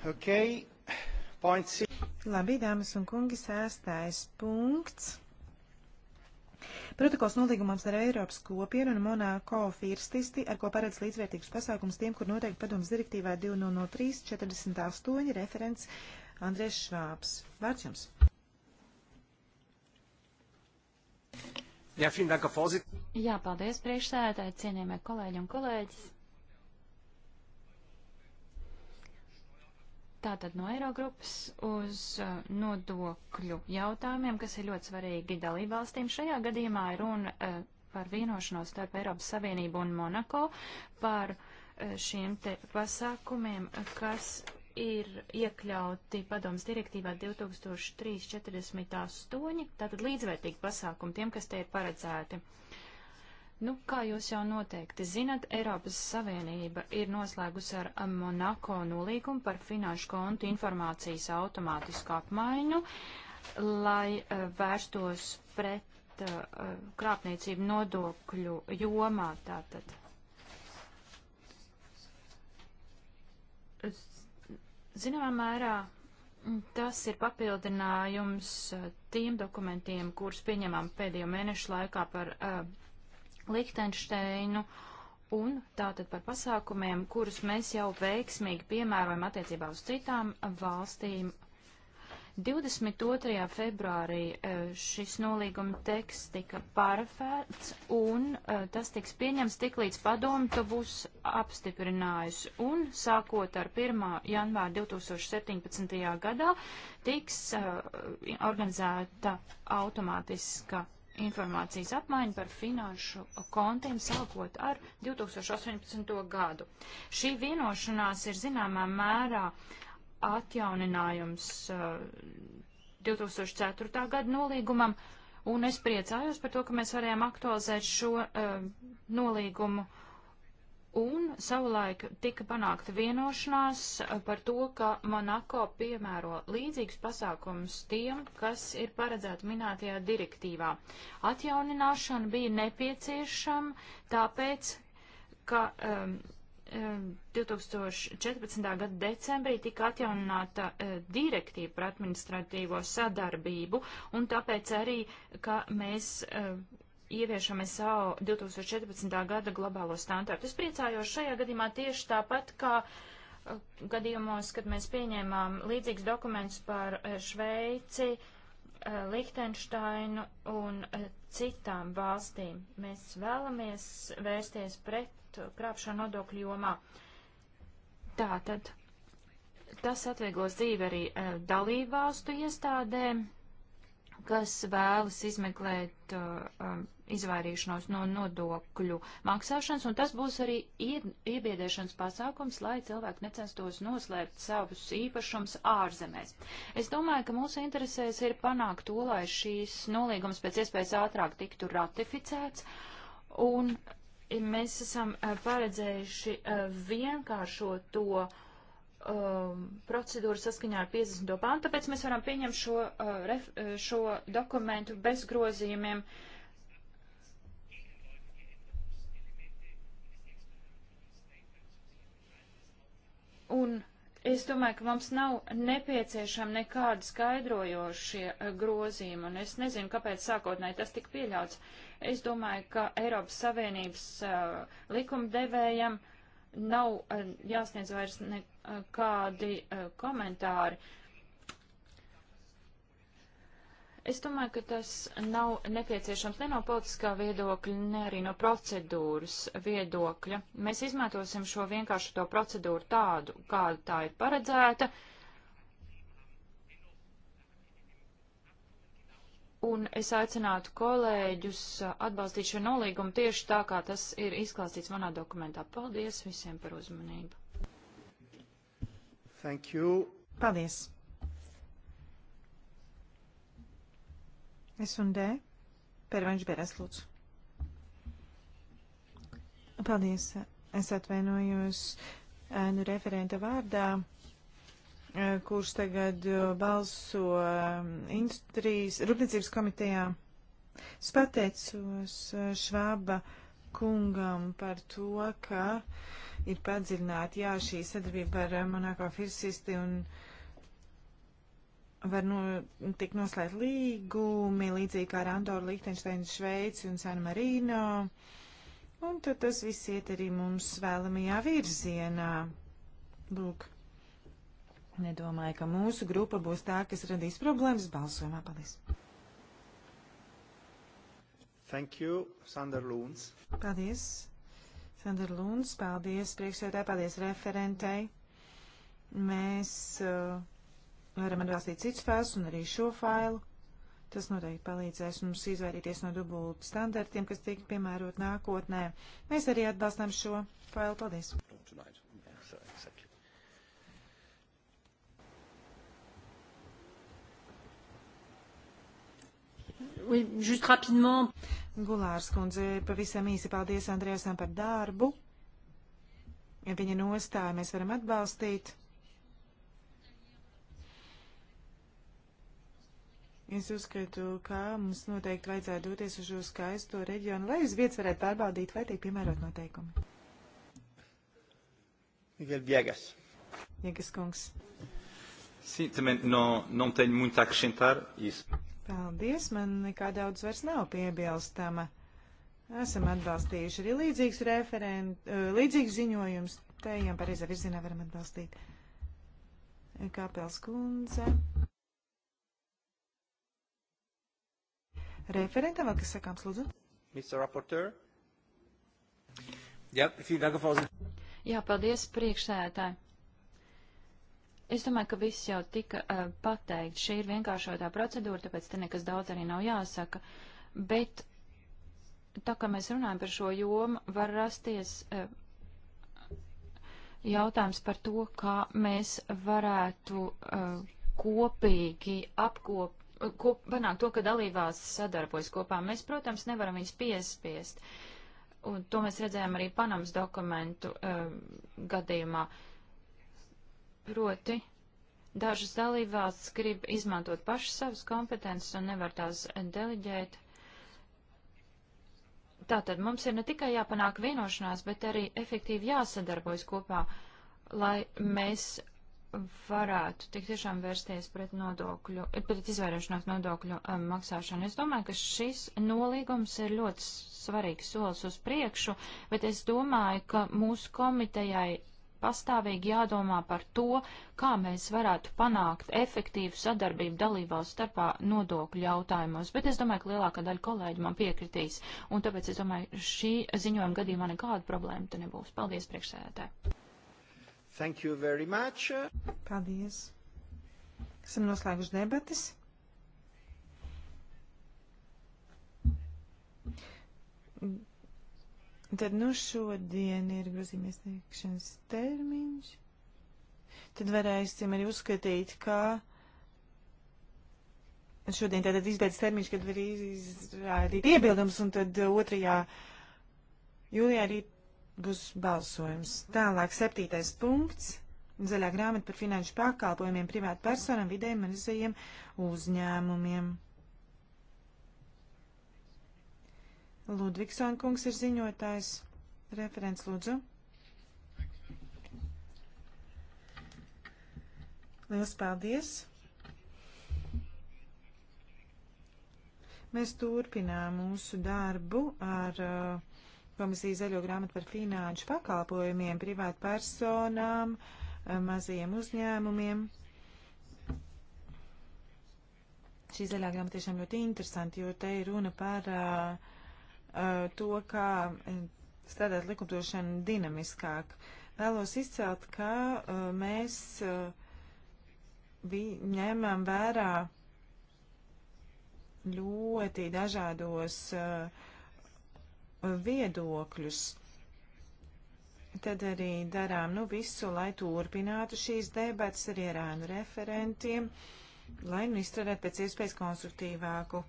Okay. Points. Labi, dāmas un kungi, sēstais punkts. Protokols nolīgumams ar Eiropas kopienu un Monāko firstisti, ar ko paredz līdzvērtīgus pasākums tiem, kur noteikti padomas direktīvā 2003-48 referents Andrēs Švāps. Vārds jums. Jā, paldies priekšsēdētāji, cienījamie kolēģi un kolēģis. tātad no Eirogrupas uz uh, nodokļu jautājumiem, kas ir ļoti svarīgi dalībvalstīm. Šajā gadījumā ir runa uh, par vienošanos starp Eiropas Savienību un Monako par uh, šiem te pasākumiem, kas ir iekļauti padomas direktīvā 2348, tātad līdzvērtīgi pasākumi tiem, kas te ir paredzēti. Uh, Nu, kā jūs jau noteikti zinat, Eiropas Savienība ir noslēgusi ar Monako nolīgumu par finanšu kontu informācijas automātisku apmaiņu, lai uh, vērstos pret uh, krāpniecību nodokļu jomā. Tātad. Zināmā mērā mm, tas ir papildinājums eh, tiem dokumentiem, kurus pieņemam pēdējo mēnešu laikā par uh, Lihtenšteinu un tātad par pasākumiem, kurus mēs jau veiksmīgi piemērojam attiecībā uz citām valstīm. 22. februārī e, šis nolīguma teksts tika parafēts un e, tas tiks pieņems tik līdz padomu, to būs apstiprinājis. Un sākot ar 1. janvāru 2017. gadā tiks e, organizēta automātiska informācijas apmaiņu par finanšu kontiem sākot ar 2018. gadu. Šī vienošanās ir zināmā mērā atjauninājums uh, eh, 2004. gada nolīgumam, un es priecājos par to, ka mēs varējām aktualizēt šo uh, nolīgumu uh, Un savulaik tika panākta vienošanās par to, ka Monako piemēro līdzīgus pasākumus tiem, kas ir paredzēti minētajā direktīvā. Atjaunināšana bija nepieciešama tāpēc, ka um, 2014. Um, gada decembrī tika atjaunināta uh, direktīva par administratīvo sadarbību, un tāpēc arī, ka mēs uh, ieviešam SAO 2014. gada globālo standārtu. Es priecājos šajā gadījumā tieši tāpat, kā eh, gadījumos, kad mēs pieņēmām līdzīgs dokuments par eh, Šveici, eh, Lihtenštainu un citām valstīm. Mēs vēlamies vērsties pret krāpšanu nodokļu jomā. Tātad tas atvieglos dzīvi arī dalībvalstu iestādēm, kas vēlas izmeklēt uh, izvairīšanos no nodokļu maksāšanas, un tas būs arī iebiedēšanas pasākums, lai cilvēki necenstos noslēpt savus īpašums ārzemēs. Es domāju, ka mūsu interesēs ir panākt to, lai šīs nolīgums pēc iespējas ātrāk tiktu ratificēts, un mēs esam eh, paredzējuši eh, vienkāršo to um, procedūra saskaņā ar 50. pāntu, tāpēc mēs varam pieņemt šo, eh, šo dokumentu bez grozījumiem. Uh, Un es domāju, ka mums nav nepieciešama nekāda skaidrojošie eh, grozījumi, un es nezinu, kāpēc sākotnēji tas tika pieļauts. Es domāju, ka Eiropas Savienības uh, likumdevējam nav uh, jāsniedz vairs nekādi uh, komentāri. Uh, Es domāju, ka tas nav nepieciešams ne no politiskā viedokļa, ne arī no procedūras viedokļa. Mēs izmantosim šo vienkāršu to procedūru tādu, kāda tā ir paredzēta. Un es aicinātu kolēģus atbalstīt šo nolīgumu tieši tā, kā tas ir izklāstīts manā dokumentā. Paldies visiem par uzmanību. Thank you. Paldies. S&D Pērvenš Beres, lūdzu. Paldies. Es atvainojos nu, referenta vārdā, kurš tagad balso industrijas rūpniecības komitejā. Es pateicos Švāba kungam par to, ka ir padziļināti jā šī sadarbība ar Monako firsisti un uh, var nu, tikt noslēgt līgumi, līdzīgi kā ar Andoru, Liechtensteinu, Šveici un San Marino. Un tad tas viss iet arī mums vēlamajā virzienā. Lūk, nedomāju, ka mūsu grupa būs tā, kas radīs problēmas balsojumā. Paldies! Thank you, Sander Lūns. Paldies, Sander Lūns. Paldies, priekšsēdē, paldies referentei. Mēs uh, varam atbalstīt citus failus un arī šo failu. Tas noteikti palīdzēs mums izvairīties no dubultu standartiem, kas tiek piemērot nākotnē. Mēs arī atbalstām šo failu. Paldies! Oui, just rapidement. Gulārs kundze, pavisam īsi paldies Andrēsam par darbu. Ja viņa nostāja mēs varam atbalstīt. Es uzskatu, ka mums noteikti vajadzētu doties uz šo skaisto reģionu, lai uz vietas varētu pārbaudīt, vai tiek piemērot noteikumi. Miguel Viegas. Viegas kungs. Sim, também não, não tenho muito a acrescentar isso. Paldies, man nekā daudz vairs nav piebilstama. Esam atbalstījuši arī līdzīgs referent, eh, līdzīgs ziņojums. Te ejam pareizā virzienā varam atbalstīt. Kāpels kundze. Referentam vēl kas sakāms, lūdzu? Mr. Rapporteur. Jā, Jā, paldies priekšsēdētāji. Es domāju, ka viss jau tika uh, eh, pateikt. Šī ir vienkāršotā procedūra, tāpēc te nekas daudz arī nav jāsaka. Bet tā kā mēs runājam par šo jomu, var rasties uh, jautājums par to, kā mēs varētu uh, kopīgi apkop, ko, panākt to, ka dalībās sadarbojas kopā. Mēs, protams, nevaram viņus piespiest. Un to mēs redzējām arī Panamas dokumentu um, gadījumā. Proti, dažas dalībvalsts grib izmantot pašas savas kompetences un nevar tās deliģēt. Tātad mums ir ne tikai jāpanāk vienošanās, bet arī efektīvi jāsadarbojas kopā, lai mēs varētu tik tiešām vērsties pret nodokļu, eh, pret izvairošanos nodokļu um, maksāšanu. Es domāju, ka šis nolīgums ir ļoti svarīgs solis uz priekšu, bet es domāju, ka mūsu komitejai pastāvīgi jādomā par to, kā mēs varētu panākt efektīvu sadarbību dalībvalstu starpā nodokļu jautājumos. Bet es domāju, ka lielākā daļa kolēģi man piekritīs, un tāpēc es domāju, šī ziņojuma gadījumā nekāda problēma te nebūs. Paldies, priekšsēdētāji! Thank you very much. Paldies. Esam noslēguši debatas. Tad nu šodien ir grozījumies teikšanas termiņš. Tad varēsim arī uzskatīt, ka šodien tātad izbeidz termiņš, kad var izrādīt iebildums, un tad 2. jūlijā arī būs balsojums. Tālāk, septītais punkts. Zaļā grāmata par finanšu pakalpojumiem privātu personam, vidējiem mazajiem uzņēmumiem. Ludvigsona kungs ir ziņotājs. Referents lūdzu. Liels paldies! Mēs turpinām mūsu darbu ar uh, Komisija zaļo grāmatu par finanšu pakalpojumiem, privātu personām, mazajiem uzņēmumiem. Šī zaļā grāmata tiešām ļoti interesanti, jo te ir runa par uh, to, kā strādāt likumdošanu dinamiskāk. Vēlos izcelt, ka uh, mēs uh, ņemam vērā ļoti dažādos uh, viedokļus. Tad arī darām nu, visu, lai turpinātu šīs debatas ar ierānu referentiem, lai nu, izstrādātu pēc iespējas konstruktīvāku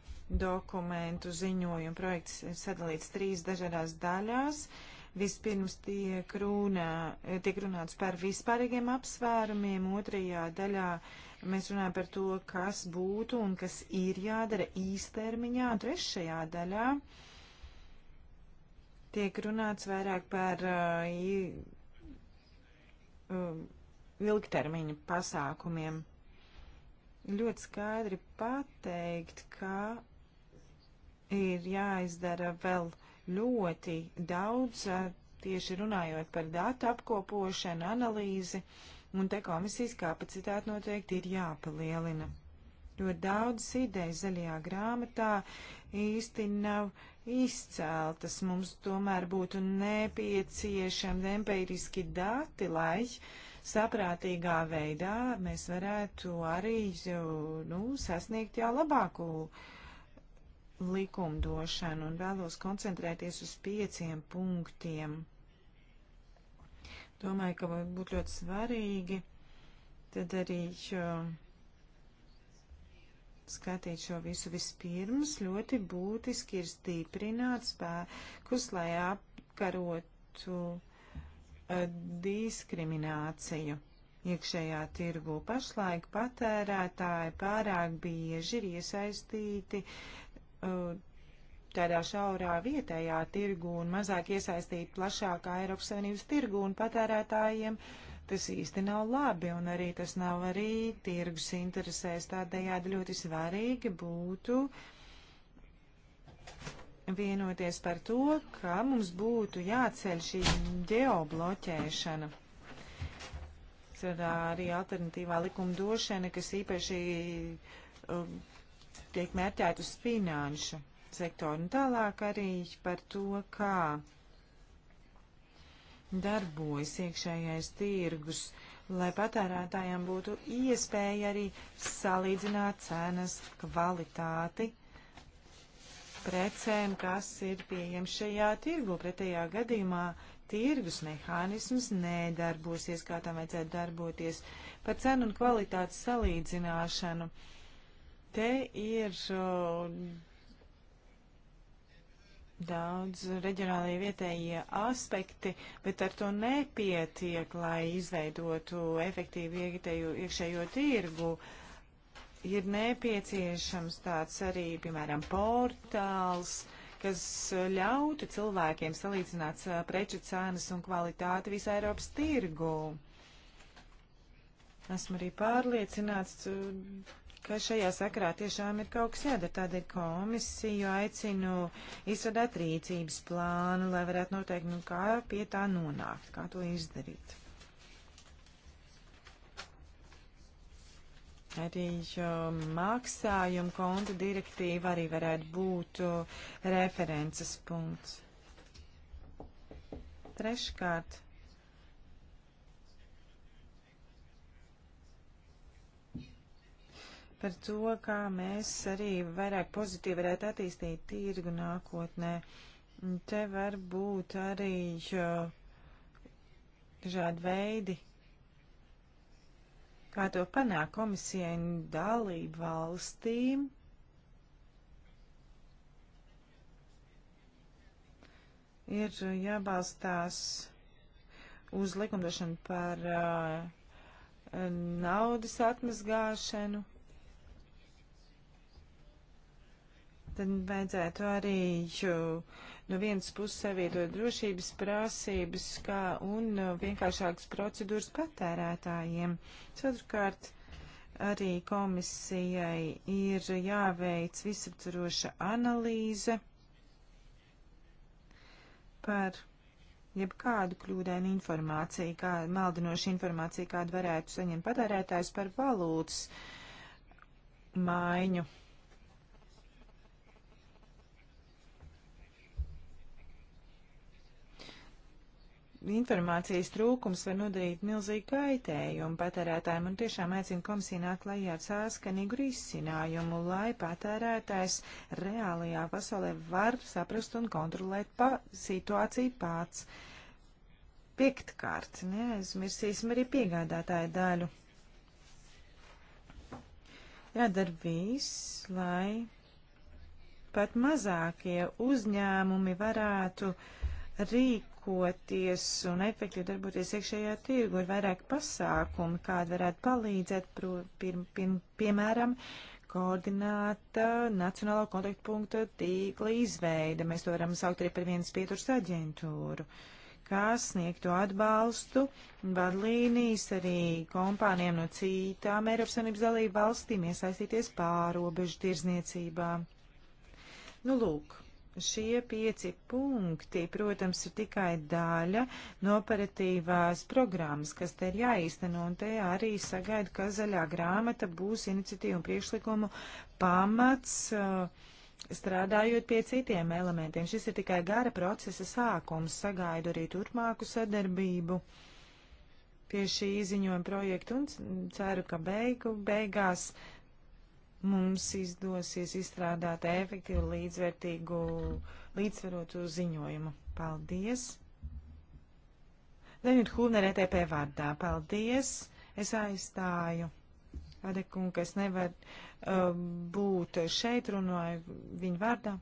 dokumentu ziņojumu. Projekts ir sadalīts trīs dažādās daļās. Vispirms tiek, runā, tiek runāts par vispārīgiem apsvērumiem, otrajā daļā mēs runājam par to, kas būtu un kas ir jādara īstermiņā, un trešajā daļā uh, Tiek runāts vairāk par uh, um, ilgtermiņa pasākumiem. Ļoti skaidri pateikt, ka ir jāizdara vēl ļoti daudz, uh, tieši runājot par datu apkopošanu, analīzi, un te komisijas kapacitāte noteikti ir jāpalielina ļoti daudzas idejas zaļajā grāmatā īsti nav izceltas. Mums tomēr būtu nepieciešami empiriski dati, lai saprātīgā veidā mēs varētu arī nu, sasniegt jau labāku likumdošanu un vēlos koncentrēties uz pieciem punktiem. Domāju, ka būtu ļoti svarīgi tad arī uh, skatīt šo visu vispirms, ļoti būtiski ir stiprināt spēkus, lai apkarotu eh, diskrimināciju. Iekšējā tirgu pašlaik patērētāji pārāk bieži ir iesaistīti uh, tādā šaurā vietējā tirgu un mazāk iesaistīti plašākā Eiropas Savienības tirgu un patērētājiem uh, tas īsti nav labi, un arī tas nav arī tirgus interesēs. Tādējādi ļoti svarīgi būtu vienoties par to, ka mums būtu jāceļ šī geobloķēšana. Ir arī alternatīvā likumdošana, kas īpaši um, tiek mērķēt uz finanšu sektoru. Un tālāk arī par to, kā darbojas iekšējais tirgus, lai patērētājiem būtu iespēja arī salīdzināt cenas kvalitāti precēm, kas ir pieejams šajā tirgu. Pretējā gadījumā tirgus mehānisms nedarbosies, kā tam vajadzētu darboties. Par cenu un kvalitātes salīdzināšanu te ir daudz reģionālajie vietējie aspekti, bet ar to nepietiek, lai izveidotu efektīvu iekšējo, iekšējo tirgu. Ir nepieciešams tāds arī, piemēram, portāls, kas ļautu cilvēkiem salīdzināt uh, preču cenas un kvalitāti visā Eiropas tirgu. Esmu arī pārliecināts ka šajā sakarā tiešām ir kaut kas jādara. Tādēļ komisiju aicinu izstrādāt rīcības plānu, lai varētu noteikt, nu, kā pie tā nonākt, kā to izdarīt. Arī maksājuma konta direktīva arī varētu būt references punkts. Treškārt par to, kā mēs arī vairāk pozitīvi varētu attīstīt tirgu nākotnē. Te var būt arī dažādi veidi, kā to panākt komisijai un dalību valstīm. Ir jābalstās uz likumdošanu par uh, naudas atmazgāšanu, Tad vajadzētu arī no vienas puses savietot drošības prasības kā un vienkāršākas procedūras patērētājiem. Ceturkārt, arī komisijai ir jāveic visaptvaroša analīze par jebkādu kļūdainu informāciju, kā maldinošu informāciju, kādu varētu saņemt patērētājs par valūtas maiņu. informācijas trūkums var nodarīt milzīgu kaitējumu patērētājiem un tiešām aicinu komisiju nāk klajā ar sāskanīgu risinājumu, lai patērētājs reālajā pasaulē var saprast un kontrolēt pa situāciju pats. Piektkārt, neaizmirsīsim arī piegādātāju daļu. Jādara viss, lai pat mazākie uzņēmumi varētu uh, rīkoties un efektīvi darboties iekšējā tirgu. Ir vairāk pasākumu, kāda varētu palīdzēt, pir, pir, pir, piemēram, koordināta uh, nacionālo kontaktpunktu tīkla izveida. Mēs to varam saukt arī par vienas pieturas aģentūru, kas sniegtu atbalstu vadlīnijas arī kompānijām no citām Eiropas Savienības dalību valstīm iesaistīties pārobežu tirzniecībā. Nu, lūk, Šie pieci punkti, protams, ir tikai daļa no operatīvās programmas, kas te ir jāīsteno, un te arī sagaida, ka zaļā grāmata būs iniciatīvu un priekšlikumu pamats. Uh, strādājot pie citiem elementiem. Šis ir tikai gara procesa sākums. Sagaidu arī turpmāku sadarbību pie šī ziņojuma projekta un ceru, ka beigu beigās mums izdosies izstrādāt efektīvu, līdzvērtīgu, līdzsvarotu ziņojumu. Paldies! Daņut Hūner ETP vārdā. Paldies! Es aizstāju. Adekunga, es nevaru uh, būt šeit, runāju viņu vārdā.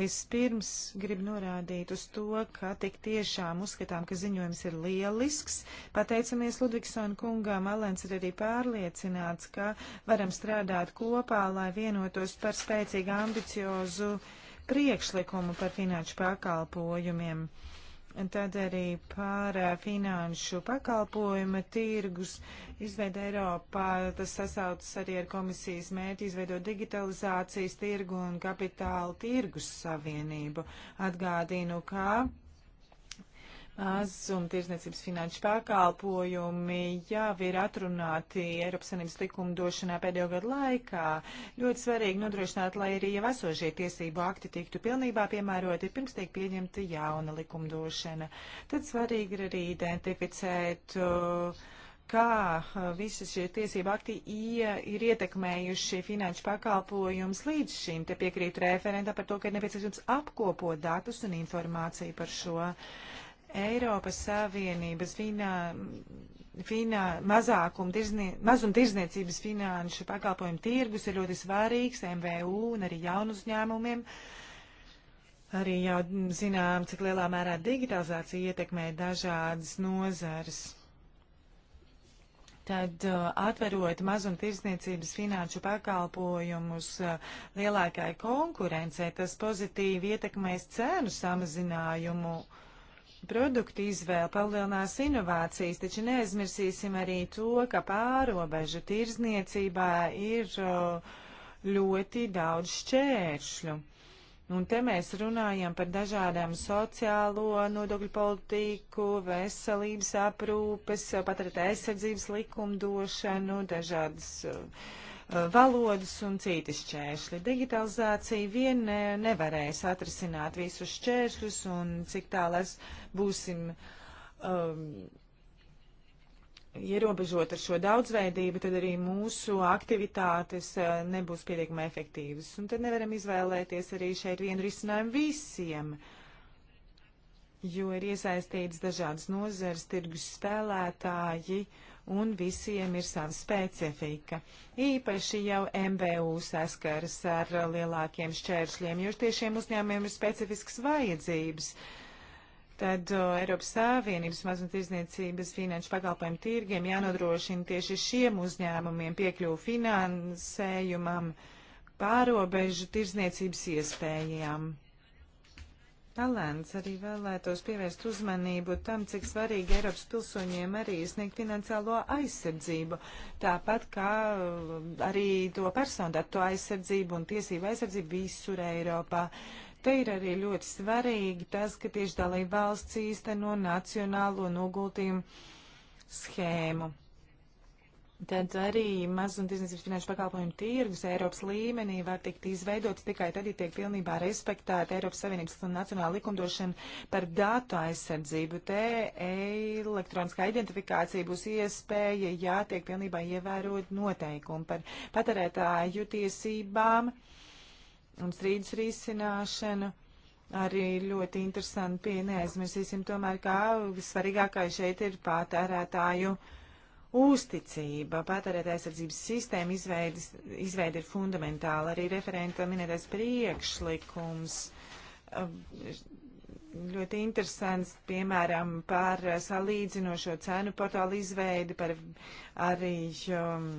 Vispirms gribu norādīt uz to, ka tik tiešām uzskatām, ka ziņojums ir lielisks. Pateicamies Ludvigsona kungām, Alens ir arī pārliecināts, ka varam strādāt kopā, lai vienotos par spēcīgu ambiciozu priekšlikumu par finanšu pakalpojumiem. Uh, Un tad arī par eh, finanšu pakalpojuma tirgus izveidu Eiropā. Tas sasaucas arī ar komisijas mērķi izveidot digitalizācijas tirgu un kapitāla tirgus savienību. Atgādīnu, ka Azumtirdzniecības finanšu pakalpojumi jau ir atrunāti Eiropas Savienības likumdošanā pēdējo gadu laikā. Ļoti svarīgi nodrošināt, lai arī jau esošie tiesību akti tiktu pilnībā piemēroti, pirms tiek pieņemta jauna likumdošana. Tad svarīgi ir arī identificēt. Uh, kā visi šie tiesība akti ie, ir ietekmējuši finanšu pakalpojumus līdz šim. Te piekrīt referentā par to, ka ir nepieciešams apkopot datus un informāciju par šo. Uh, Eiropas Savienības finā, finā, tirznie, mazumtirdzniecības finanšu pakalpojumu tirgus ir ļoti svarīgs MVU un arī jaunu uzņēmumiem. Arī jau zinām, cik lielā mērā digitalizācija ietekmē dažādas nozares. Tad uh, atverot mazumtirdzniecības finanšu pakalpojumus uh, lielākai konkurencei, tas pozitīvi ietekmēs cēnu samazinājumu. Uh, produktu izvēle palielinās inovācijas, taču neaizmirsīsim arī to, ka pārobežu tirzniecībā ir ļoti daudz šķēršļu. Un te mēs runājam par dažādām sociālo nodokļu politiku, veselības aprūpes, patrat aizsardzības likumdošanu, dažādas uh, valodas un citi šķēršļi. Digitalizācija vien ne, nevarēs atrisināt visus šķēršļus un cik tālēs būsim. Um, ierobežot ar šo daudzveidību, tad arī mūsu aktivitātes uh, nebūs pietiekami efektīvas. Un tad nevaram izvēlēties arī šeit vienu risinājumu visiem, jo ir iesaistīts dažādas nozares, tirgus spēlētāji. Uh, un visiem ir sava specifika. Īpaši jau MBU saskaras ar lielākiem šķēršļiem, jo tiešiem uzņēmumiem ir specifiskas vajadzības. Tad o, Eiropas Savienības mazumtirdzniecības finanšu pakalpojumu tirgiem jānodrošina tieši šiem uzņēmumiem piekļuvu finansējumam, pārobežu tirdzniecības iespējām. Alēns arī vēlētos pievērst uzmanību tam, cik svarīgi Eiropas pilsoņiem arī sniegt finansiālo aizsardzību, tāpat kā um, arī to personu aizsardzību un tiesību aizsardzību visur Eiropā. Te ir arī ļoti svarīgi tas, ka tieši dalība valsts īsteno nacionālo nogultījumu schēmu. Tad arī mazumtirdzniecības finanšu pakalpojumu tirgus Eiropas līmenī var tikt izveidots tikai tad, ja tiek pilnībā respektēta Eiropas Savienības un nacionāla likumdošana par datu aizsardzību. Te elektroniskā identifikācija būs iespēja, ja tiek pilnībā ievērot noteikumi par patērētāju tiesībām un strīdus risināšanu. Arī ļoti interesanti pie neaizmirsīsim tomēr, kā svarīgākais šeit ir patērētāju tiesības uzticība. Patērētāja aizsardzības sistēma izveidis, izveida ir fundamentāla. Arī referenta minētais priekšlikums um, ļoti interesants, piemēram, par salīdzinošo cenu portālu izveidi, par arī um,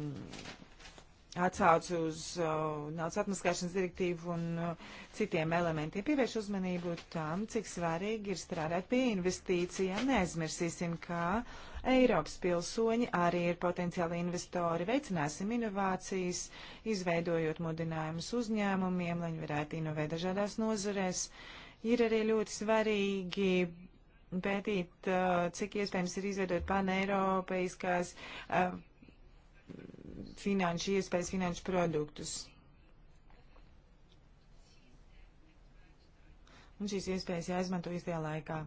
atsauci uz uh, naudas atmaskāšanas direktīvu un uh, citiem elementiem. Pievērš uzmanību tam, cik svarīgi ir strādāt pie investīcijām. Neaizmirsīsim, ka Eiropas pilsoņi arī ir potenciāli investori. Veicināsim inovācijas, izveidojot modinājumus uzņēmumiem, lai viņi varētu inovēt dažādās nozarēs. Ir arī ļoti svarīgi pētīt, uh, cik iespējams ir izveidot paneiropeiskās uh, finanšu iespējas, finanšu produktus. Un šīs iespējas jāizmanto īstajā laikā.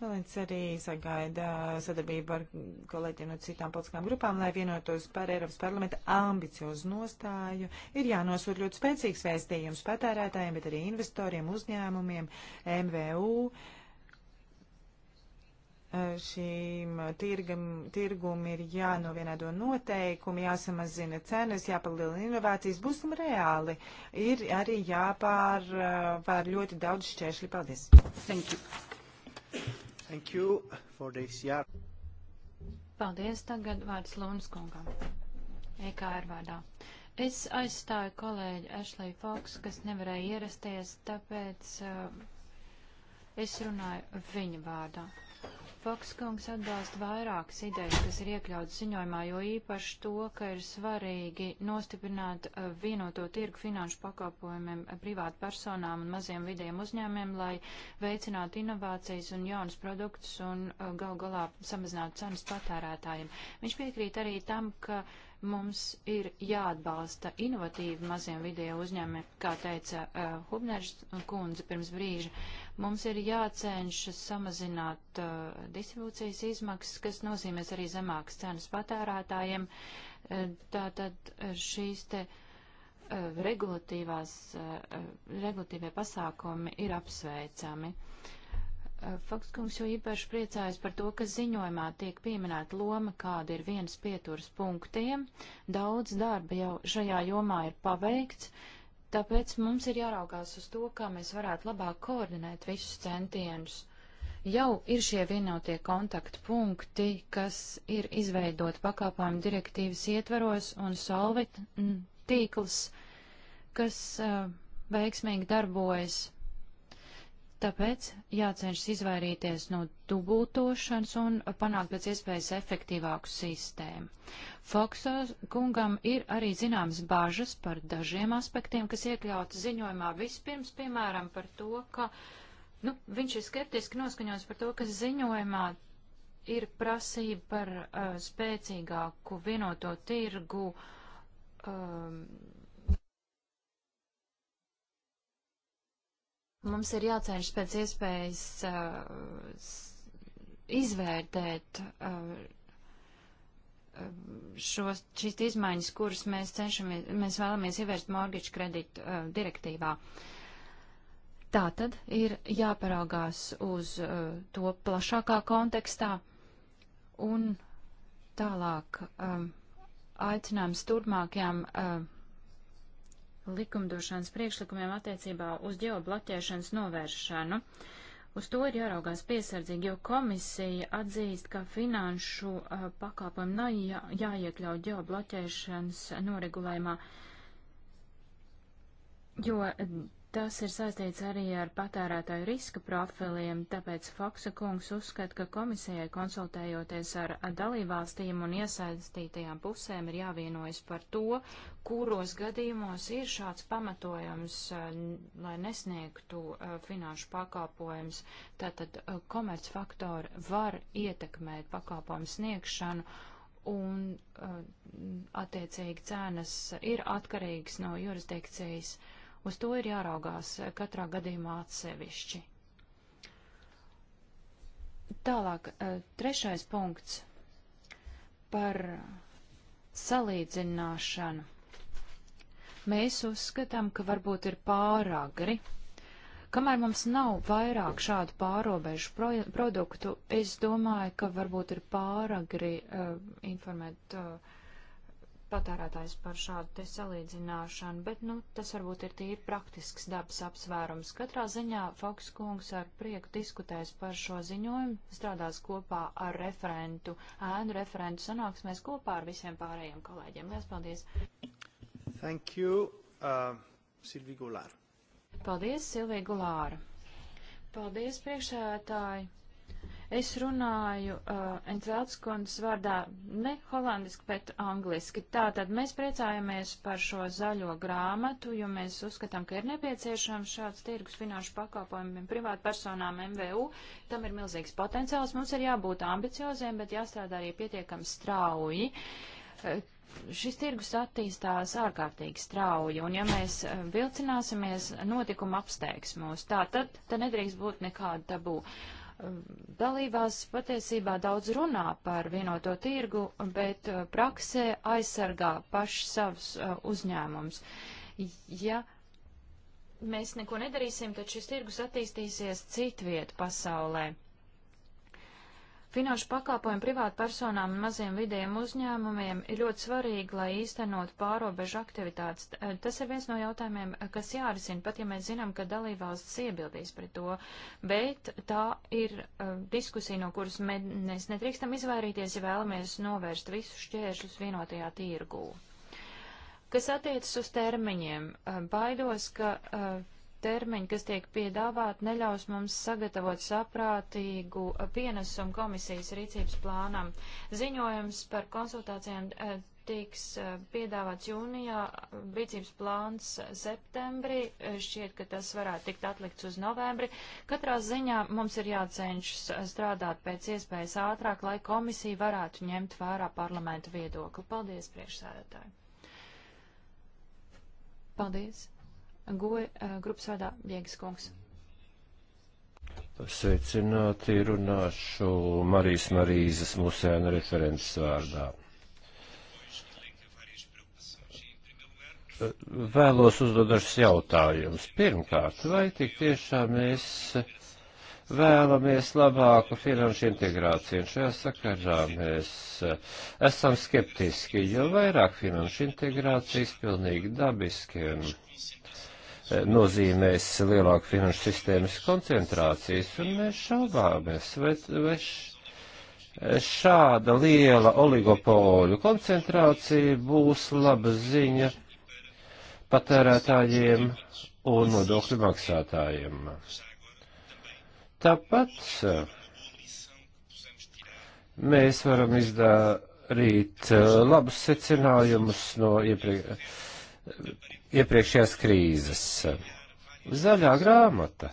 Valents arī sagaida sadarbību ar kolēģiem no citām politiskām grupām, lai vienotos par Eiropas parlamenta ambiciozu nostāju. Ir jānosūt ļoti spēcīgs vēstījums patērētājiem, bet arī investoriem, uzņēmumiem, MVU. Uh, Eh, šīm tirgam, tirgum ir jānovienādo noteikumi, jāsamazina cenas, jāpalielina inovācijas. Būsim reāli. Ir arī jāpārvar eh, ļoti daudz šķēršļi. Paldies. Thank you. Thank you for this, yeah. Paldies. Tagad vārds Lūnas kungam. EKR vārdā. Es aizstāju kolēģi Ashley Fox, kas nevarēja ierasties, tāpēc uh, es runāju viņa vārdā. Fokskungs atbalsta vairākas idejas, kas ir iekļautas ziņojumā, jo īpaši to, ka ir svarīgi nostiprināt uh, vienoto tirgu finanšu pakalpojumiem uh, privātu personām un maziem vidiem uzņēmiem, lai veicinātu inovācijas un jaunus produktus un uh, gal galā samazinātu cenas patērētājiem. Viņš piekrīt arī tam, ka uh, Mums ir jāatbalsta inovatīvi maziem video uzņēmumi, kā teica uh, Hubners kundze pirms brīža. Mums ir jācenšas samazināt uh, distribūcijas izmaksas, kas nozīmēs arī zemākas cenas patērētājiem. Uh, tātad šīs te uh, regulatīvās, uh, regulatīvie pasākumi ir apsveicami. Uh, Eh, Fokskungs jau īpaši priecājas par to, ka ziņojumā tiek pieminēta loma, kāda ir vienas pieturas punktiem. Daudz darba jau šajā jomā ir paveikts, tāpēc mums ir jāraugās uz to, kā mēs varētu labāk koordinēt visus centienus. Jau ir šie vienotie kontaktpunkti, kas ir izveidoti pakāpojumu direktīvas ietveros un solvit mm, tīkls, kas uh, veiksmīgi darbojas Tāpēc jācenšas izvairīties no dubultošanas un panākt pēc iespējas efektīvāku sistēmu. Foksos kungam ir arī zināmas bažas par dažiem aspektiem, kas iekļauts ziņojumā. Vispirms, piemēram, par to, ka nu, viņš ir skeptiski noskaņots par to, ka ziņojumā ir prasība par uh, spēcīgāku vienoto tirgu. Um, uh, Mums ir jācenšas pēc iespējas uh, izvērtēt uh, uh, šos, šīs izmaiņas, kuras mēs cenšamies, mēs vēlamies ievērst mortgage kredītu uh, direktīvā. Tā tad ir jāparaugās uz uh, to plašākā kontekstā un tālāk um, aicinājums turpmākajām uh, likumdošanas priekšlikumiem attiecībā uz ģeobloķēšanas novēršanu. Uz to ir jāraugās piesardzīgi, jo komisija atzīst, ka finanšu uh, pakāpojumu nav jā, jāiekļaut ģeobloķēšanas noregulējumā, jo Tas ir saistīts arī ar patērētāju riska profiliem, tāpēc Foksa kungs uzskata, ka komisijai konsultējoties ar dalībvalstīm un iesaistītajām pusēm ir jāvienojas par to, kuros gadījumos ir šāds pamatojums, eh, lai nesniegtu eh, finanšu pakalpojums. Tātad eh, komercfaktori var ietekmēt pakalpojumu sniegšanu un attiecīgi cenas ir atkarīgas no jurisdikcijas. Uh, Uz to ir jāraugās katrā gadījumā atsevišķi. Tālāk, e, trešais punkts par salīdzināšanu. Mēs uzskatām, ka varbūt ir pāragri. Kamēr mums nav vairāk šādu pārobežu pro produktu, es domāju, ka varbūt ir pāragri uh, informēt uh, patērētājs par šādu te salīdzināšanu, bet, nu, tas varbūt ir tīri praktisks dabas apsvērums. Katrā ziņā Foks kungs ar prieku diskutēs par šo ziņojumu, strādās kopā ar referentu, ēnu referentu sanāksmēs kopā ar visiem pārējiem kolēģiem. Lielas paldies! Thank you, uh, Silvi Gulāra. Paldies, Silvija Gulāra. Paldies, priekšsēdētāji. Es runāju uh, Enceltskundas vārdā ne holandiski, bet angliski. Tātad mēs priecājamies par šo zaļo grāmatu, jo mēs uzskatām, ka ir nepieciešams šāds tirgus finanšu pakalpojumiem privātpersonām MVU. Tam ir milzīgs potenciāls. Mums ir jābūt ambicioziem, bet jāstrādā arī pietiekami strauji. Uh, šis tirgus attīstās ārkārtīgi strauji, un ja mēs uh, vilcināsimies, notikuma apsteigs mūs. Tā tad te nedrīkst būt nekāda tabū. Dalībās patiesībā daudz runā par vienoto tirgu, bet uh, praksē aizsargā paši savus uh, uzņēmumus. Ja mēs neko nedarīsim, tad šis tirgus attīstīsies citviet pasaulē. Finanšu pakāpojumi privātu personām un maziem vidējiem uzņēmumiem ir ļoti svarīgi, lai īstenot pārobežu aktivitātes. Eh, tas ir viens no jautājumiem, eh, kas jārisina, pat ja mēs zinām, ka dalībvalsts iebildīs pret to, bet tā ir uh, diskusija, no kuras mēs nedrīkstam izvairīties, ja vēlamies novērst visus šķēršļus vienotajā tirgū. Kas attiecas uz termiņiem, baidos, ka uh, termiņi, kas tiek piedāvāti, neļaus mums sagatavot saprātīgu uh, pienesumu komisijas rīcības plānam. Ziņojums par konsultācijām uh, tiks uh, piedāvāts jūnijā, rīcības plāns septembrī, šķiet, ka tas varētu tikt atlikts uz novembri. Katrā ziņā mums ir jācenšas strādāt pēc iespējas ātrāk, lai komisija varētu ņemt vērā parlamentu viedokli. Paldies, priekšsēdētāji! Paldies! Goja eh, grupas vārdā Biegas kungs. Sveicināti, runāšu Marijas Marīzes musēna referents vārdā. Vēlos uzdot dažus jautājumus. Pirmkārt, vai tik tiešām mēs vēlamies labāku finanšu integrāciju? Un šajā sakarā mēs eh, esam skeptiski, jo vairāk finanšu integrācijas pilnīgi dabiski un E, nozīmēs lielāku finanšu sistēmas koncentrācijas, un mēs šaubāmies, vai, vai e, šāda liela oligopoļu koncentrācija būs laba ziņa patērētājiem un nodokļu maksātājiem. Tāpat e, mēs varam izdarīt labus secinājumus no iepriekš iepriekšējās krīzes. Zaļā grāmata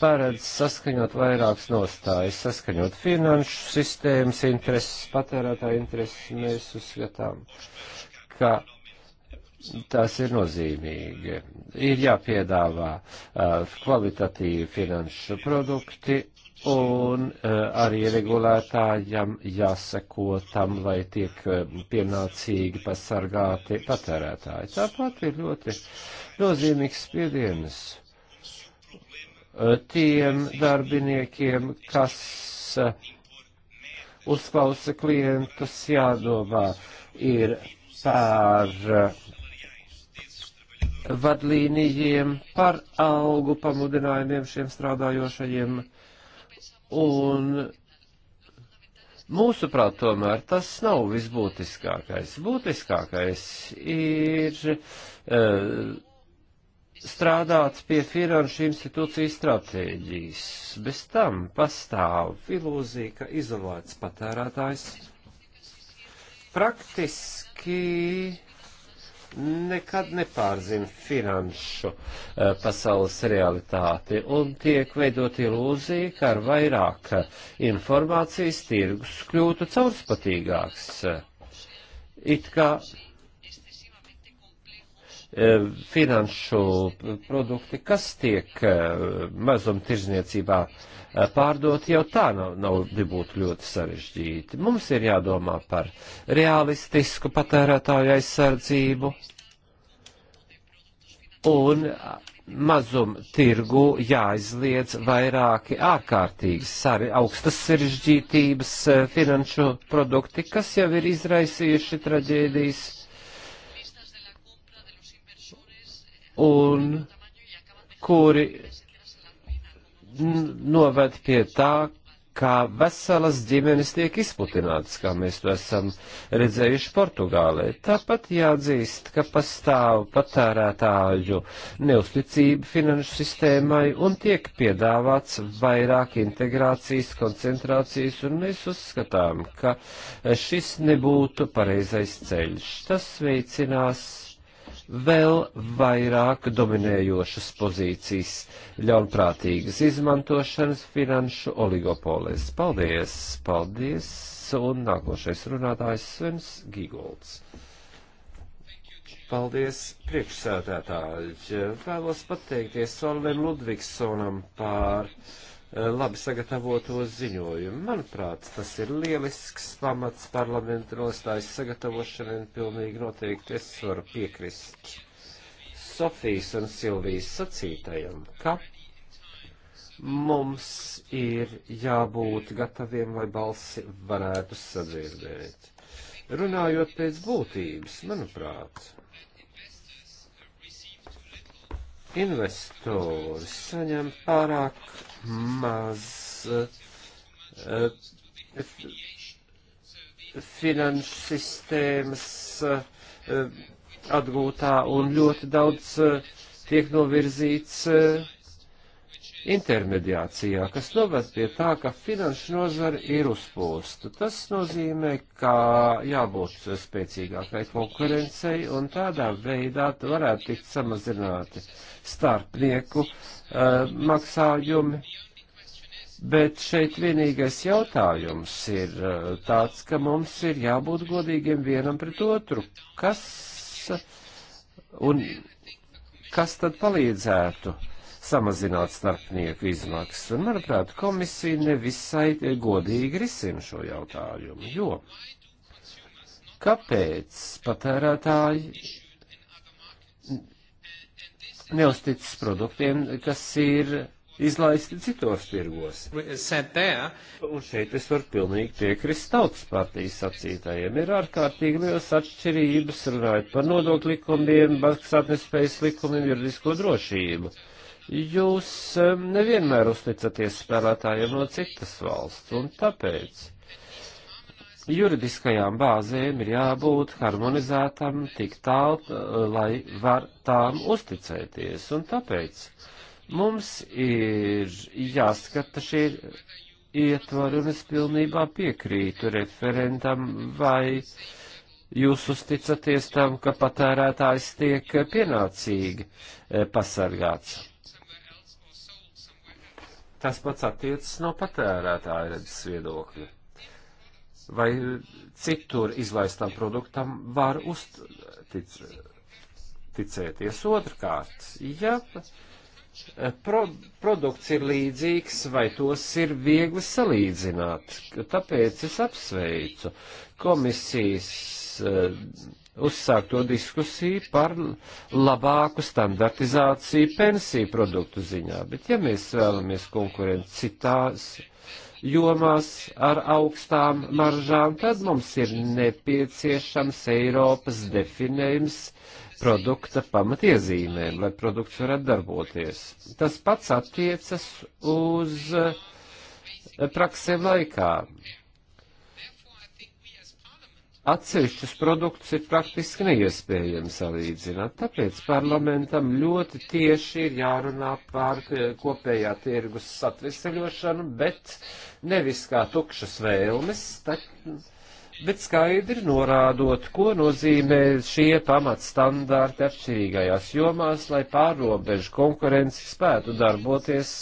paredz saskaņot vairākas nostājas, saskaņot finanšu sistēmas intereses, patērētāju intereses. Mēs uzskatām, ka tas ir nozīmīgi. Ir jāpiedāvā uh, kvalitatīvi finanšu produkti un uh, arī regulētājam jāseko tam, lai tiek uh, pienācīgi pasargāti patērētāji. Tāpat ir ļoti nozīmīgs spiediens uh, tiem darbiniekiem, kas uh, uzklausa klientus jādomā ir par uh, vadlīnijiem, par algu pamudinājumiem šiem strādājošajiem. Un mūsuprāt, tomēr tas nav visbūtiskākais. Būtiskākais ir e, strādāt pie finanšu institūciju stratēģijas. Bez tam pastāv ilūzija, ka izolēts patērētājs praktiski nekad nepārzina finanšu eh, pasaules realitāti un tiek veidot ilūzija, ka ar vairāk eh, informācijas tirgus kļūtu caurspatīgi svarīgāks. It kā Eh, finanšu produkti, kas tiek eh, mazumtirdzniecībā eh, pārdot, jau tā nav, nav būtu ļoti sarežģīti. Mums ir jādomā par realistisku patērētāju aizsardzību un mazumtirgu jāizliedz vairāki ārkārtīgi sari, augstas sarežģītības finanšu produkti, kas jau ir izraisījuši traģēdijas un kuri noved pie tā, kā veselas ģimenes tiek izputinātas, kā mēs to esam redzējuši Portugālē. Tāpat jāatzīst, ka pastāv patērētāju neusticība finanšu sistēmai un tiek piedāvāts vairāk integrācijas, koncentrācijas, un mēs uzskatām, ka šis nebūtu pareizais ceļš. Tas veicinās vēl vairāk dominējošas pozīcijas ļaunprātīgas izmantošanas finanšu oligopolies. Paldies, paldies, un nākošais runātājs Svens Gigolds. Paldies, priekšsēdētāji. Vēlos pateikties Olim Ludvigsonam par Eh, labi sagatavoto ziņojumu. Manuprāt, tas ir lielisks pamats parlamenta nostājas sagatavošanai un pilnīgi noteikti es varu piekrist Sofijas un Silvijas sacītajam, ka mums ir jābūt gataviem, lai balsi varētu sadzirdēt. Runājot pēc būtības, manuprāt, investors saņem pārāk maz eh, eh, finanšu sistēmas eh, atgūtā un ļoti daudz tiek novirzīts intermediācijā, kas noved pie tā, ka finanšu nozara ir uzpūsta. Tas nozīmē, ka jābūt spēcīgākai konkurencei un tādā veidā varētu tikt samazināti starpnieku uh, maksājumi. Bet šeit vienīgais jautājums ir uh, tāds, ka mums ir jābūt godīgiem vienam pret otru. Kas, un, kas tad palīdzētu? Uh, samazināt starpnieku izmaksas. Un, manuprāt, komisija nevisai godīgi risina šo jautājumu, jo kāpēc patērētāji neusticas produktiem, kas ir izlaisti citos tirgos. Un šeit es varu pilnīgi piekrist tautas partijas sacītājiem. Ir ārkārtīgi liels atšķirības runājot par nodokļu likumiem, maksātnespējas likumiem, juridisko drošību. Uh, Jūs nevienmēr uzticaties spēlētājiem no citas valsts, un tāpēc juridiskajām bāzēm ir jābūt harmonizētam tik tālu, eh, lai var tām uzticēties, un tāpēc mums ir jāskata šie ietvari, un es pilnībā piekrītu referentam vai. Jūs uzticaties tam, ka patērētājs tiek pienācīgi eh, pasargāts. Tas pats attiecas no patērētāja redzes viedokļa. Vai citur izlaistam produktam var uzticēties otrkārt? Ja pro, produkts ir līdzīgs, vai tos ir viegli salīdzināt. Tāpēc es apsveicu komisijas eh, uzsākto diskusiju par labāku standartizāciju pensiju produktu ziņā. Bet ja mēs vēlamies konkurēt citās jomās ar augstām maržām, tad mums ir nepieciešams Eiropas definējums produkta pamatiezīmēm, lai produkts varētu darboties. Tas pats attiecas uz praksēm laikā. Atsevišķus produktus ir praktiski neiespējami salīdzināt, tāpēc parlamentam ļoti tieši ir jārunā par eh, kopējā tirgus satvesaļošanu, bet nevis kā tukšas vēlmes, bet skaidri norādot, ko nozīmē šie pamatstandārti atšķirīgajās jomās, lai pārrobežu konkurences spētu darboties,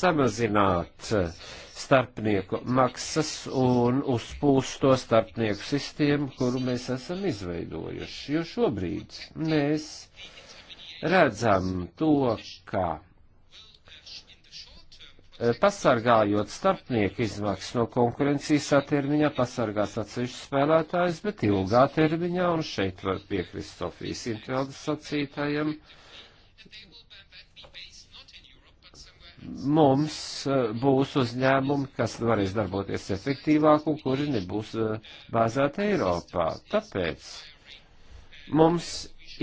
samazināt uh, starpnieku maksas un uzpūsto starpnieku sistēmu, kuru mēs esam izveidojuši. Jo šobrīd mēs redzam to, ka pasargājot starpnieku izmaksas no konkurencijas attermiņā, pasargās atsevišķus spēlētājus, bet ilgā termiņā, un šeit var piekrist Sofijas Intveldes sacītājiem, mums eh, būs uzņēmumi, kas varēs darboties efektīvāk un kuri nebūs eh, bāzēti Eiropā. Tāpēc mums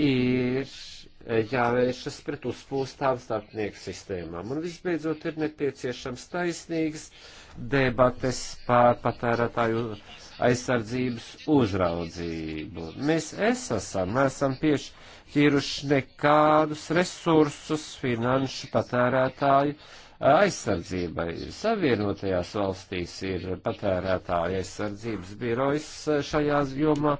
ir eh, jāvēršas pret uzpūstām starpnieku sistēmām. Un visbeidzot ir nepieciešams taisnīgas debates pār patērētāju aizsardzības uzraudzību. Mēs esam, neesam piešķīruši nekādus resursus finanšu patērētāju aizsardzībai. Savienotajās valstīs ir patērētāja aizsardzības birojas šajā jomā,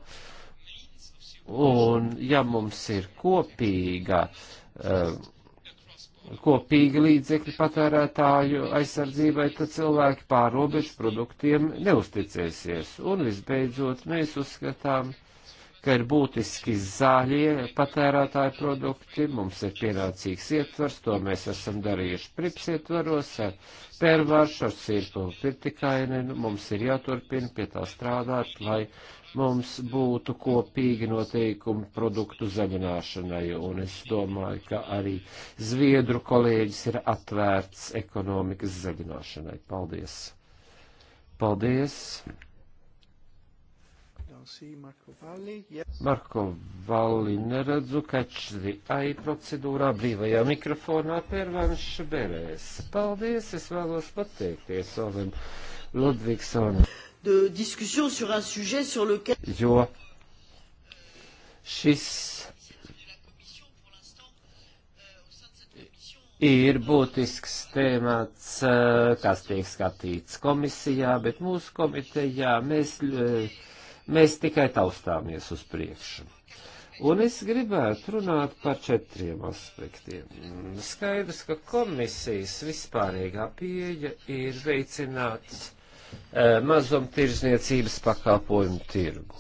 un ja mums ir kopīga uh, kopīgi līdzekļi patērētāju aizsardzībai, tad cilvēki pārobežu produktiem neusticēsies. Un visbeidzot, mēs uzskatām, ka ir būtiski zāļie patērētāju produkti, mums ir pienācīgs ietvars, to mēs esam darījuši prips ietvaros ar pērvāršu, ar sirpu pirtikainenu, mums ir jāturpina pie tā strādāt, lai mums būtu kopīgi noteikumi produktu zaļināšanai, un es domāju, ka arī Zviedru kolēģis ir atvērts ekonomikas zaļināšanai. Paldies! Paldies! Marko Valli neredzu, kačri ai procedūrā brīvajā mikrofonā pērvanš berēs. Paldies, es vēlos pateikties Olim Ludvigsonam de discussion sur un sujet sur lequel. Jo šis ir būtisks tēmats, eh, kas tiek skatīts komisijā, bet mūsu komitejā mēs, eh, mēs tikai taustāmies uz priekšu. Un es gribētu runāt par četriem aspektiem. Skaidrs, ka komisijas vispārīgā pieeja ir veicināts Eh, mazumtirzniecības pakalpojumu tirgu.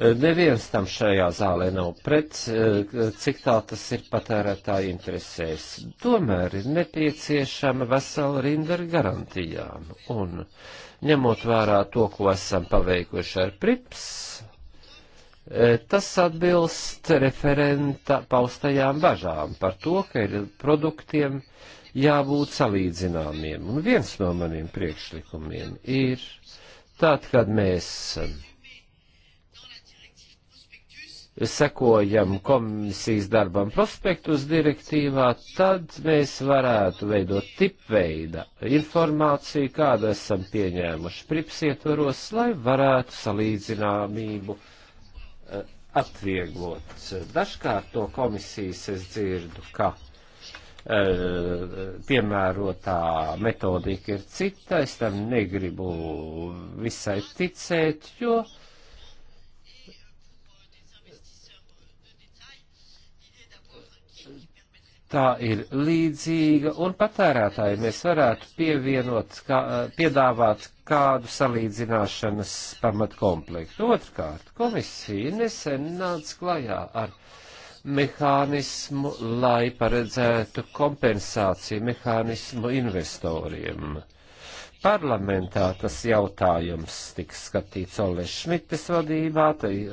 Eh, neviens tam šajā zālē nav pret, eh, cik tā tas ir patērētāji interesēs. Tomēr ir nepieciešama vesela rinda ar garantijām. Un ņemot vērā to, ko esam paveikuši ar prips, tas atbilst referenta paustajām bažām par to, ka ir produktiem uh, jābūt salīdzināmiem. Un viens no maniem priekšlikumiem ir tad, kad mēs eh, sekojam komisijas darbam prospektus direktīvā, tad mēs varētu veidot tipveida informāciju, kādu esam pieņēmuši prips ietvaros, lai varētu salīdzināmību eh, atvieglot. Dažkārt to komisijas es dzirdu, ka Eh, piemērotā metodika ir cita, es tam negribu visai ticēt, jo tā ir līdzīga, un patērētāji mēs varētu pievienot, kā, eh, piedāvāt kādu salīdzināšanas pamatkomplektu. Otrkārt, komisija nesen nāca klajā ar uh, mehānismu, lai paredzētu kompensāciju mehānismu investoriem. Parlamentā tas jautājums tiks skatīts Ole Šmites vadībā,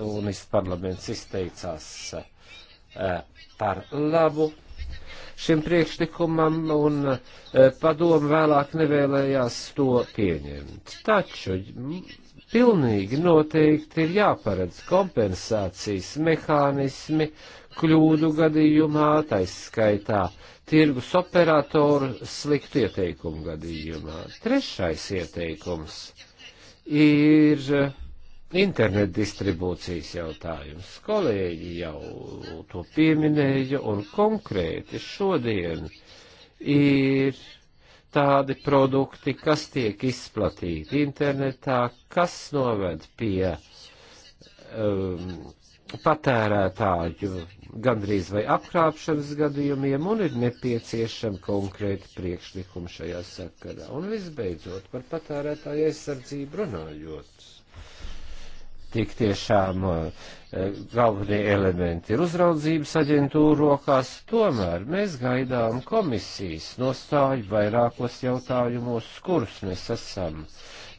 un parlaments izteicās eh, par labu šim priekšlikumam, un eh, padomu vēlāk nevēlējās to pieņemt. Taču Pilnīgi noteikti ir jāparedz kompensācijas mehānismi kļūdu gadījumā, taiskaitā tirgus operatoru sliktu ieteikumu gadījumā. Trešais ieteikums ir internet distribūcijas jautājums. Kolēģi jau to pieminēja un konkrēti šodien ir tādi produkti, kas tiek izplatīti internetā, kas noved pie um, patērētāju gandrīz vai apkrāpšanas gadījumiem, un ir nepieciešama konkrēta priekšlikuma šajā sakarā. Un visbeidzot, par patērētāju aizsardzību runājot tik tiešām eh, galvenie elementi ir uzraudzības aģentūra rokās, tomēr mēs gaidām komisijas nostāju vairākos jautājumos, kurus mēs esam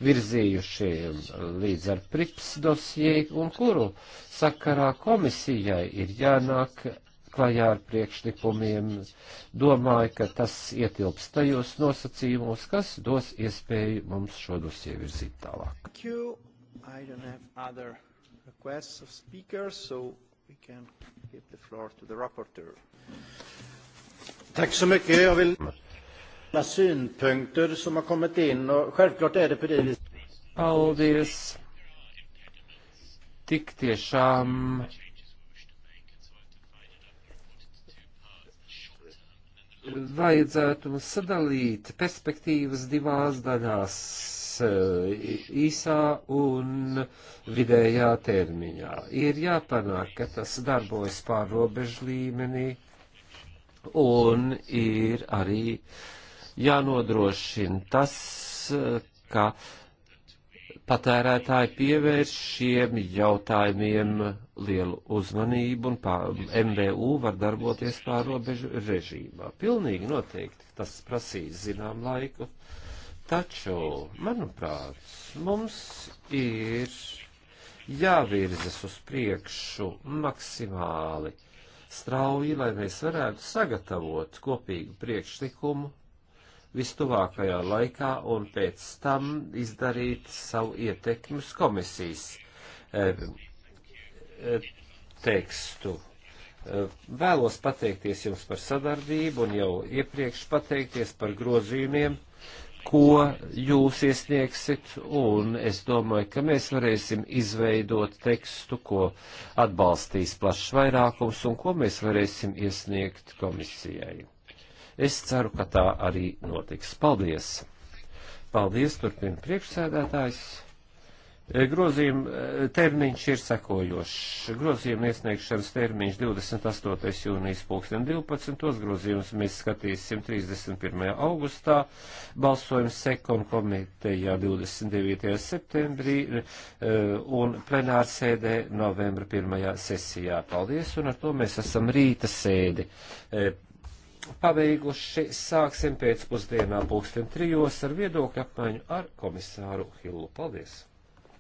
virzījuši līdz ar prips dosijai un kuru sakarā komisijai ir jānāk klajā ar priekšlikumiem, domāju, ka tas ietilps tajos nosacījumos, kas dos iespēju mums šo dosie virzīt tālāk. Thank you. I don't have other requests of speakers, so we can give the floor to the rapporteur. Tack så mycket. Jag vill alla synpunkter som har kommit in och självklart är det på det viset. Paldies. Tik tiešām vajadzētu sadalīt perspektīvas divās daļās Eh, īsā un vidējā termiņā. Ir jāpanāk, ka tas darbojas pārrobežu līmenī un ir arī jānodrošina tas, eh, ka patērētāji pievērš šiem jautājumiem lielu uzmanību un pār, MVU var darboties pārrobežu režīmā. Pilnīgi noteikti tas prasīs zinām laiku Taču, manuprāt, mums ir jāvirzas uz priekšu maksimāli strauji, lai mēs varētu sagatavot kopīgu priekšlikumu vistuvākajā laikā un pēc tam izdarīt savu ietekmes komisijas e, e, tekstu. Eh, vēlos pateikties jums par sadarbību un jau iepriekš pateikties par grozījumiem ko jūs iesniegsit, un es domāju, ka mēs varēsim izveidot tekstu, ko atbalstīs plašs vairākums un ko mēs varēsim iesniegt komisijai. Es ceru, ka tā arī notiks. Paldies! Paldies, turpina priekšsēdētājs! Grozījuma eh, termiņš ir sekojošs. Grozījuma iesniegšanas termiņš 28. jūnijas 2012. Grozījums mēs skatīsim 31. augustā. Balsojums sekon komitejā 29. septembrī eh, un plenārsēdē novembra 1. sesijā. Paldies, un ar to mēs esam rīta sēdi eh, pabeiguši, sāksim pēcpusdienā pulksten trijos ar viedokļu apmaiņu ar komisāru Hillu. Paldies!